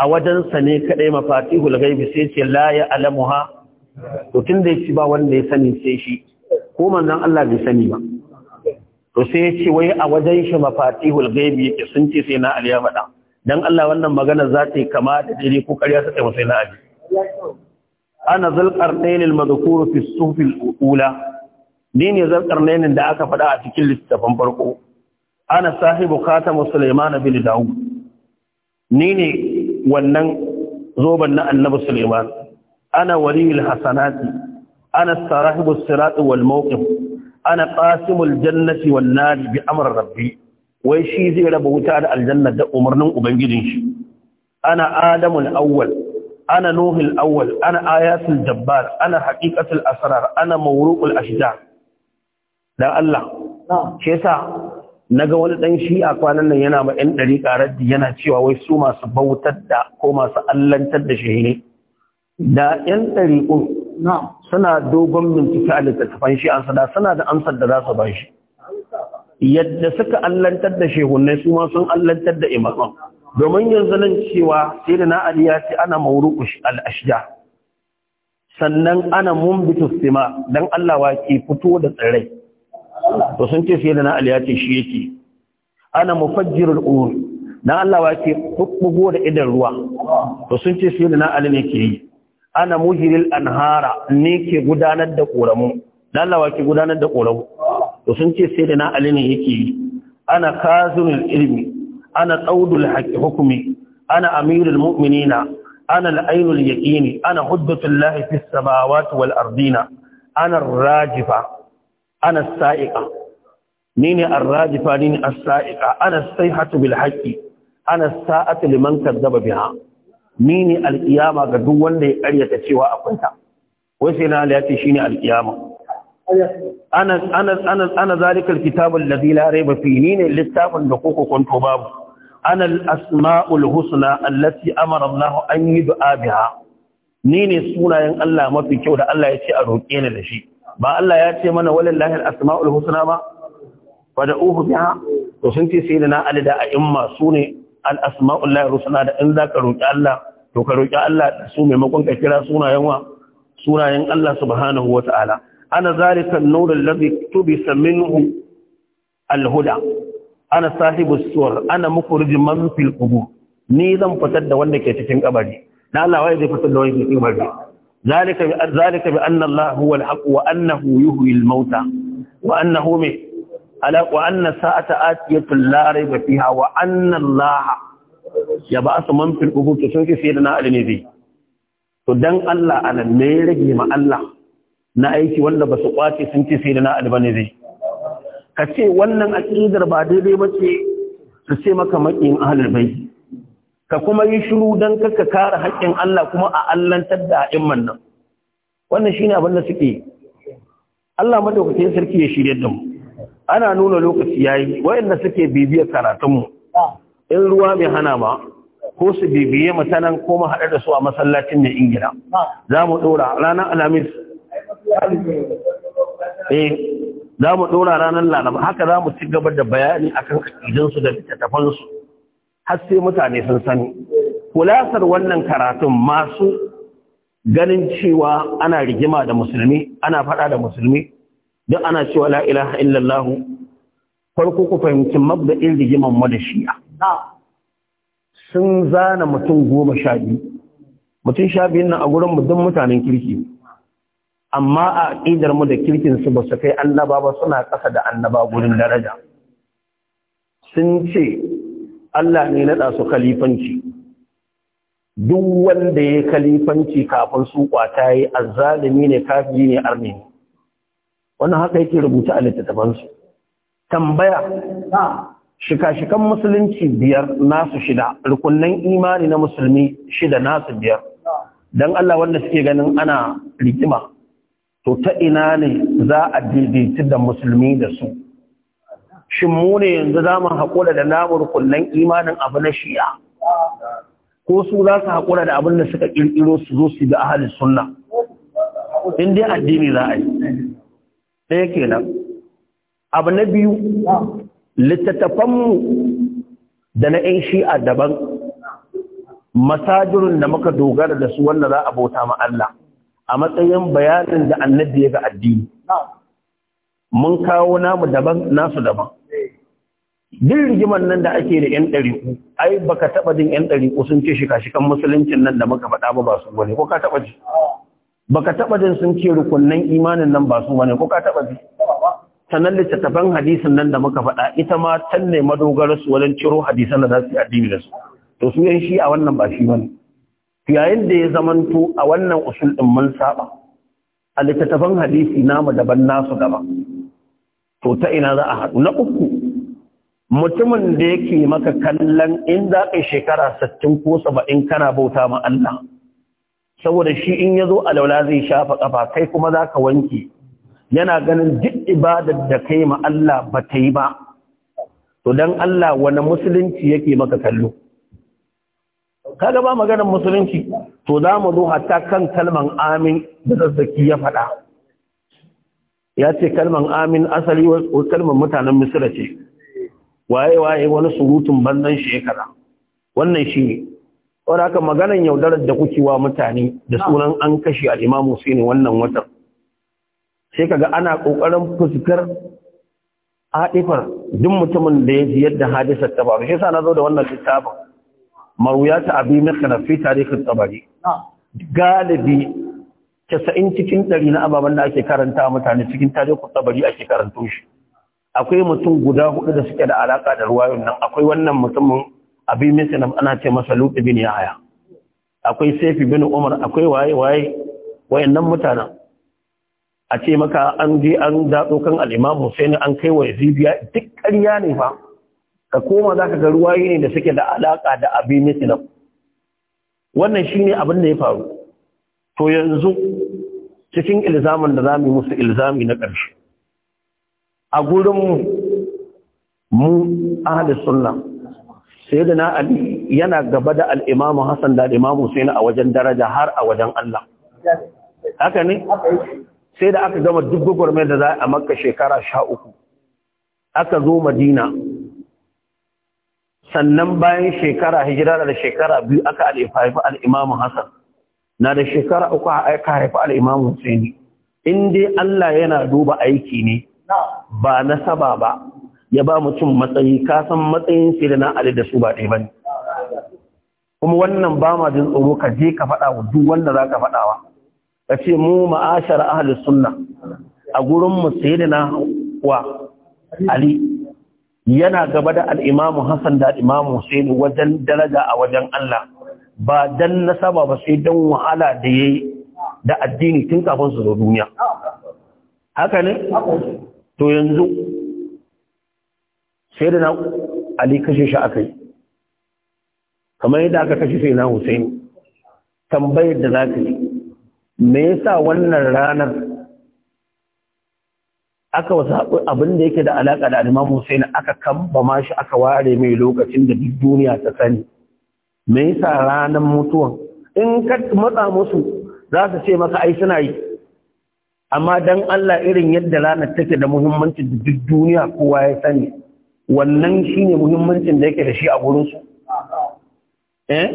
a wajensa ne kadai mafatihul ghaibi sai ce la ya alamuha to tunda yace ba wanda ya sani sai shi ko manzon Allah bai sani ba to sai yace wai a wajen shi mafatihul ghaibi yake sun ce sai na aliya faɗa dan Allah wannan magana za ta yi kama da dare ko ƙarya ta tsaye sai na aji. ana zalqarnayn al-madhkur fi as ula ni ne zalqarnayn da aka faɗa a cikin littafin farko ana sahibu khatamu sulaiman bin daud ni ne wannan zoben na annabi Suleiman ana waliyul hasanati ana sahibus sirat wal mawqif ana qasimul jannati wan nar bi rabbi wai shi zai raba wuta da aljanna da umarnin ubangijin shi ana adamul awwal ana nuhul awwal ana ayatul jabbar ana haqiqatul asrar ana mawruqul ashjar dan Allah ke sa. Na ga wani dan a kwanan nan yana ma ɗan ɗari ƙarar yana cewa wai su masu bautar da ko masu allantar da shi ne da ɗan ɗari suna dogon bincike a littattafan shi an sada suna da amsar da za su ba shi yadda suka allantar da shehunai su ma sun allantar da imaman domin yanzu nan cewa sai da na'ari ya ce ana mauru al sannan ana mumbitu sima don Allah wa ke fito da tsirrai to sun ce sai da na ali ya ce shi yake ana mufajjirul ur na Allah wa ke bugo da idan ruwa to sun ce sai da na ali ne ke yi ana mujiril anhara ne ke gudanar da koramu na Allah wa ke gudanar da koramu to sun ce sai da na ali ne yake yi ana kazunul ilmi ana tsaudul hukmi ana amirul mu'minina ana al'ainul yaqini ana hujjatul lahi fis samawati wal ardina ana rajifa ana sa'iqa ni ne arrajifa ni ne as-sa'iqa ana sayhatu bil haqqi ana sa'atu liman kadzaba biha ni ne alkiyama ga duk wanda ya karyata cewa akwai ta wai sai na ya ce shine ana ana ana ana zalikal kitabul ladhi la ni ne littafin da koko kwanto babu ana asmaul husna allati amara Allah an dua biha ni ne sunayen Allah mafi kyau da Allah ya ce a roƙe ni da shi ba Allah ya ce mana walillahi al-asma'ul husna ba fad'uhu biya to sun ce sai na da a imma sune ne asmaul lahi husna da in ka roƙi Allah to ka roƙi Allah da su maimakon ka kira sunayen wa sunayen Allah subhanahu wa ta'ala. ana zalika an-nur alladhi tubisa minhu al ana sahibu suwar ana mukurji man fil qubur ni zan fitar da wanda ke cikin kabari na Allah wai zai fitar da wanda ke cikin kabari ذلك ذلك بان الله هو الحق وانه يحيي الموتى وانه على وان ساعه اتيه لا ريب فيها وان الله يبعث من في القبور تسوكي سيدنا علي نبي to dan Allah anan me rage ma Allah na aiki wanda basu kwace sun ci sai na albani zai ka ce wannan aqidar ba daidai bace su ce maka makin ahlul bait ka kuma yi shiru don kaka kare haƙƙin Allah kuma a allantar da a'imman nan wannan shine abin da suke Allah madaukakin sarki ya shirye da mu ana nuna lokaci yayi wayanda suke bibiyar karatun in ruwa bai hana ba ko su bibiye mu sanan ko mu haɗa da su a masallacin ne ingila za mu ɗora ranar alhamis eh za mu ɗora ranar laraba haka za mu ci gaba da bayani akan aƙidansu da littattafansu har sai mutane sun sani kulasar wannan karatun masu ganin cewa ana rigima da musulmi ana faɗa da musulmi duk ana cewa la ilaha illallah farko ku fahimci mabda'in rigiman mu da shi'a sun zana mutum goma sha biyu mutum sha biyun nan a gurin mu duk mutanen kirki amma a aƙidar mu da kirkin su ba su kai annaba ba suna ƙasa da annaba gurin daraja sun ce Allah ne naɗa su kalifanci duk wanda ya kalifanci kafin su kwata yi azalimi ne yi ne arni wannan haka yake rubuta a littattafansu tambaya shika-shikan musulunci biyar nasu shida rukunnan imani na musulmi shida nasu biyar don Allah wanda suke ganin ana rikima to ta ina ne za a daidaita da musulmi da su shin mu ne yanzu za mu haƙura da namur kullum imanin abu na shiya ko su za su haƙura da abin da suka ƙirƙiro su zo su ga ahalin sunna in dai addini za a yi ɗaya nan? abu na biyu littattafanmu da na 'yan shi'a daban masajirin da muka dogara da su wanda za a bauta ma Allah a matsayin bayanin da annabi ya ga addini mun kawo namu daban nasu daban Duk rigimar nan da ake da ‘yan ɗariƙu, ai ba ka taɓa jin ‘yan ɗariƙu sun ce shika-shikan musuluncin nan da muka faɗa ba ba su bane, ko ka taɓa ji? Ba ka taɓa jin sun ce rukunnan imanin nan ba su bane, ko ka taɓa ji? Sannan littattafan hadisin nan da muka faɗa, ita ma can ne madogararsu wajen ciro hadisan da za su yi addini da su. To su yan shi a wannan ba shi bane. Yayin da ya zamanto a wannan usul ɗin mun saba, a littattafan hadisi namu daban nasu daban. to ta ina za a haɗu na uku mutumin da yake maka kallon in za ka shekara sittin ko saba'in kana bauta ma Allah saboda shi in ya zo alaula zai shafa ƙafa kai kuma za ka wanke yana ganin duk ibadar da kai ma Allah ba ta yi ba to don Allah wani musulunci yake maka kallo kaga ba maganar musulunci to za mu zo hatta kan kalman amin da zazzaki ya faɗa ya ce kalman amin asali wa kalman mutanen misira ce waye waye wani surutun bandan shekara wannan shi ne wadda aka maganan yaudarar da kuke wa mutane da sunan an kashe Imam Hussein wannan watan sai kaga ana kokarin fuskar haɗifar duk mutumin da ya ji yadda hadisar ta faru shi sa na zo da wannan littafin maruyata abi maka na fi tarihin tsabari galibi casa'in cikin ɗari na ababen da ake karanta mutane cikin tarihi tsabari ake karanto shi akwai mutum guda hudu da suke da alaka da ruwa nan akwai wannan mutumin abi misalam ana ce masa lutsi bin yaya akwai saifi bin umar akwai waye waye wayannan mutanen a ce maka an je an daɗo kan al'imam Hussein an kai wa Yazidiya duk ƙarya ne fa, ka koma za ka ga ruwaye ne da suke da alaƙa da abin Muslim. Wannan shi ne abin da ya faru. to yanzu cikin ilzamin da za mu musu ilzami na ƙarshe a gurin mu ahli sunna sai ali yana gaba da al-imam hassan da al'imamu husain a wajen daraja har a wajen Allah haka ne sai da aka gama duk gwagwarmai da za a makka shekara sha aka zo madina sannan bayan shekara hijira da shekara biyu aka al'ifafi al'imamu hassan na da shekara uku a aika haifi al'imamu Husaini in dai Allah yana duba aiki ne ba na saba ba ya ba mutum matsayi kasan matsayin shi da na Ali da su ba ɗaya ne. kuma wannan ba ma jin tsoro ka je ka faɗa wa duk wanda za ka faɗawa ka ce mu ma'ashar ahalus suna. a gurin mu Ali yana gaba da al'imamu Hassan da al'imamu Husaini wajen daraja a wajen Allah ba dan nasaba ba sai dan wahala da yayi da addini tun kafin su zo duniya haka ne to yanzu sai da na ali kashe shi akai kamar yadda aka kashe sai na Hussein tambayar da za ka yi me yasa wannan ranar aka wasu abin da yake da alaƙa da sai na aka kamba mashi aka ware mai lokacin da duk duniya ta sani me yasa ranar mutuwan in ka matsa musu za su ce maka ai suna yi amma dan Allah irin yadda ranar take da muhimmancin da duk duniya kowa ya sani wannan shine muhimmancin da yake da shi a gurin su eh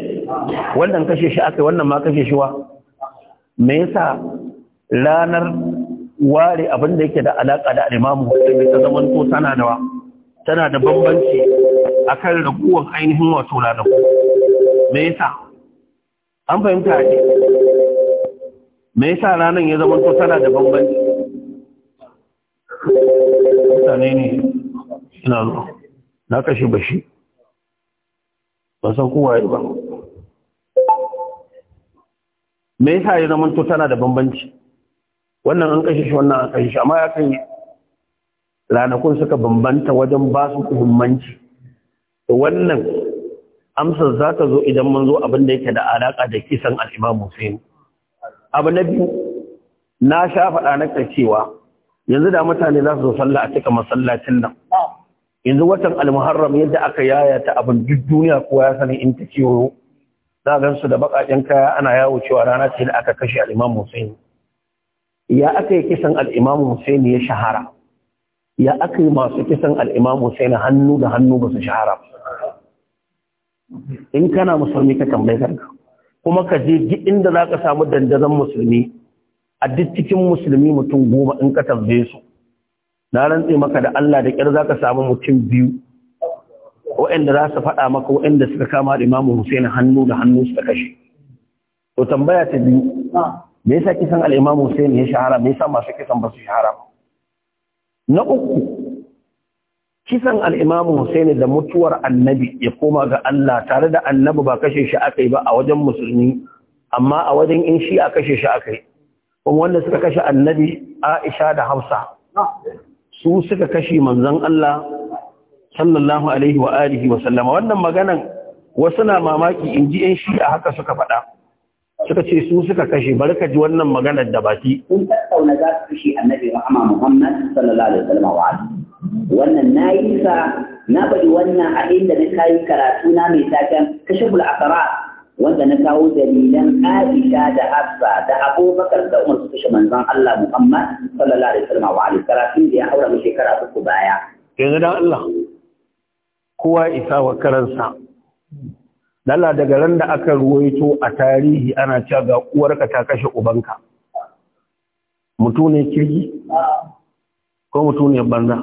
wannan kashe shi akai wannan ma kashe shi wa me yasa ranar ware abin da yake da alaka da Imam Hussein ta zaman to tana da tana da bambanci akan raguwan ainihin wato ranar me yasa an fahimta ake me yasa ranar ya zama to tana da bambanci mutane ne ina zo. na kashe bashi ba san kowa ya ba me yasa ya zama to tana da bambanci wannan an kashe shi wannan an kashe shi amma ya kan ranakun suka bambanta wajen ba su muhimmanci wannan amsar za ta zo idan mun zo abin da yake da alaƙa da kisan al'imam Hussein. Abu na biyu, na sha faɗa na cewa yanzu da mutane za su zo sallah a cika masallacin nan. Yanzu watan almuharram yadda aka yaya ta abin duk duniya kowa ya sani in ta ciwo za a gansu da baƙaƙen kaya ana yawo cewa rana ce da aka kashe al'imam Hussein. Ya aka yi kisan al'imam Hussein ya shahara. Ya aka yi masu kisan al'imam Hussein hannu da hannu ba su shahara. in kana musulmi ka tambayi kanka kuma ka je duk inda za ka samu dandazon musulmi a duk cikin musulmi mutum goma in ka tambaye su na rantse maka da Allah da kyar za ka samu mutum biyu waɗanda za su faɗa maka waɗanda suka kama da Imam Hussein hannu da hannu suka kashe to tambaya ta biyu me yasa kisan al-Imam Hussein ya shahara me yasa masu kisan ba su shahara na uku kisan al'imamu Hussaini da mutuwar annabi ya koma ga Allah tare da annabi ba kashe shi aka yi ba a wajen musulmi, amma a wajen in shi a kashe shi aka yi. Kuma wanda suka kashe annabi Aisha da Hausa su suka kashe manzan Allah sallallahu Alaihi wa alihi wa sallama. Wannan maganan wasu na mamaki in ji ‘yan shi a haka suka faɗa. Suka ce su suka kashe bari ka ji wannan maganar da baki. Kun tattauna za su kashe annabi Muhammad sallallahu Alaihi wa alihi. wannan na yi sa na bari wannan a inda na kayi karatu na mai taken kashiful asara wanda na kawo dalilan Aisha da Hafsa da Abubakar da Umar su kashe manzon Allah Muhammad sallallahu alaihi wasallam wa alaihi karatu da ya haura mu shekara uku baya yanzu dan Allah kowa isa wa karansa Allah daga ran da aka ruwaito a tarihi ana cewa ga uwarka ta kashe ubanka. Mutu ne kirki? Ko mutu ne banza?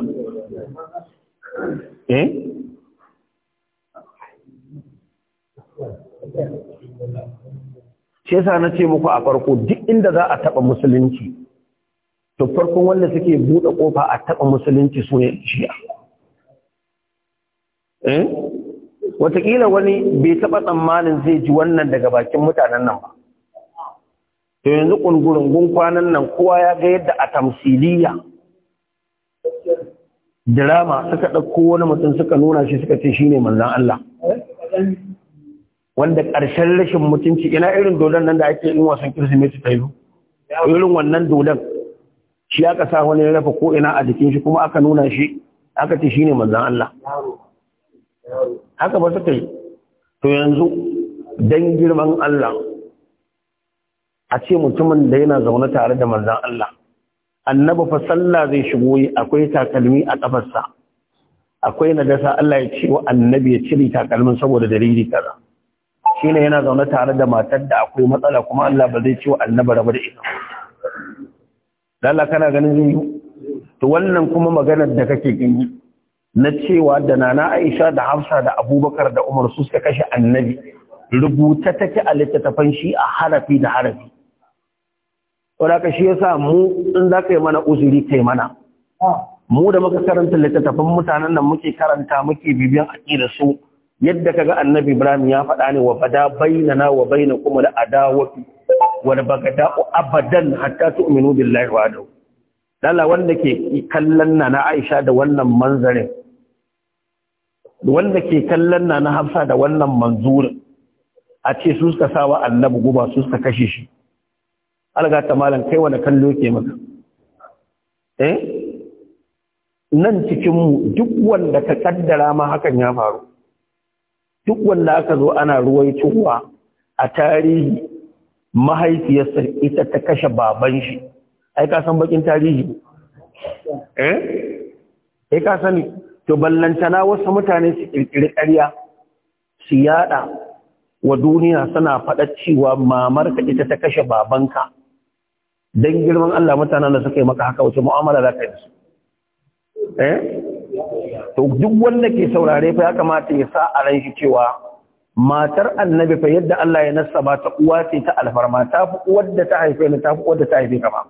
eh na ce muku a farko duk inda za a taɓa musulunci to farkon wanda suke buɗe ƙofa a taɓa musulunci su ne shiya eh wataƙila wani bai taɓa tsammanin zai ji wannan daga bakin mutanen nan ba to yanzu ƙungurungun kwanan nan kowa ya ga yadda a tamsiliya dirama suka ɗauko wani mutum suka nuna shi suka ce ne manzan Allah wanda ƙarshen rashin mutunci ina irin dodon nan da ake yin wasan kirsimeti ta yi irin wannan dodon shi aka sa wani rafa ko ina a jikin shi kuma aka nuna shi aka ce ne manzan Allah haka ba ta yi to yanzu dan girman Allah a ce mutumin da yana zaune tare da manzan Allah annabi fa sallah zai shigo akwai takalmi a kafarsa akwai na najasa Allah ya ce wa annabi ya cire takalmin saboda dalili kaza shine yana zaune tare da matar da akwai matsala kuma Allah ba zai ce wa annabi rabu da ita Allah kana ganin zai to wannan kuma maganar da kake gani na cewa da nana Aisha da Hafsa da Abubakar da Umar su suka kashe annabi rubuta take a littattafan shi a harafi da harafi wadda shi yasa mu in za ka yi mana uzuri yi mana mu da muka karanta littattafan mutanen nan muke karanta muke bibiyan aƙida su yadda ka ga annabi ibrahim ya faɗa ne wa bada bainana wa adawafi al adawatu wal bagada abadan hatta su billahi wa adaw lalla wanda ke kallon na na aisha da wannan manzarin wanda ke kallon na hafsa da wannan manzurin a ce su suka sawa annabi guba su suka kashe shi alga ta malam kai wani kallo ke maka eh nan cikin mu duk wanda ka kaddara ma hakan ya faru duk wanda aka zo ana ruwai cewa a tarihi mahaifiyarsa ita ta kashe baban shi ai ka san bakin tarihi eh ai ka sani to ballantana wasu mutane su kirkiri ƙarya su yada wa duniya suna faɗa cewa mamarka ita ta kashe babanka dan girman Allah mutanen da suka yi maka haka wace mu'amala za ka yi su eh to duk wanda ke saurare fa ya kamata ya sa a ran shi cewa matar annabi fa yadda Allah ya nasaba ta uwa ce ta alfarma ta fi uwar da ta haife ni ta fi uwar da ta haife kama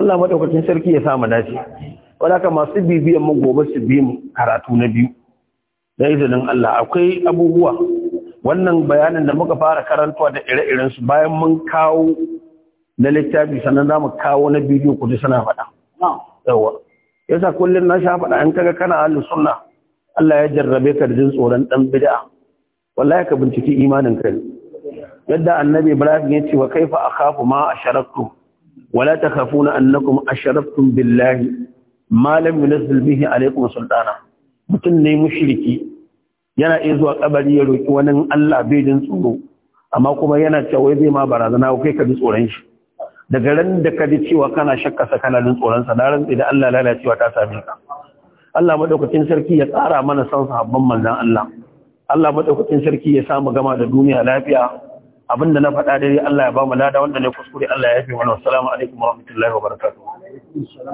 Allah madaukakin sarki ya sa mu dace wadaka masu bibiyan mu gobe su bi mu karatu na biyu da izinin Allah akwai abubuwa wannan bayanin da muka fara karantuwa da ire-iren su bayan mun kawo na littafi sannan za mu kawo na bidiyo ku ji suna faɗa yawa yasa kullum na sha faɗa in kaga kana halin sunna Allah ya jarrabe ka da jin tsoron dan bid'a wallahi ka binciki imanin ka yadda annabi Ibrahim ya ce wa kaifa akhafu ma asharaktu wala takhafuna annakum asharaktum billahi ma lam yunzil bihi alaykum sultana mutun ne mushriki yana iya zuwa kabari ya roƙi wani Allah bai jin tsoro amma kuma yana cewa zai ma barazana kai ka ji tsoron shi daga ran da ka ji cewa kana shakka sa kana jin tsoron sa ran da Allah lalacewa ta same ka Allah madaukakin sarki ya tsara mana san sahabban manzon Allah Allah madaukakin sarki ya samu gama da duniya lafiya abinda na faɗa dai Allah ya ba mu lada wanda ne kuskure Allah ya yafe mana assalamu alaikum wa rahmatullahi wa barakatuh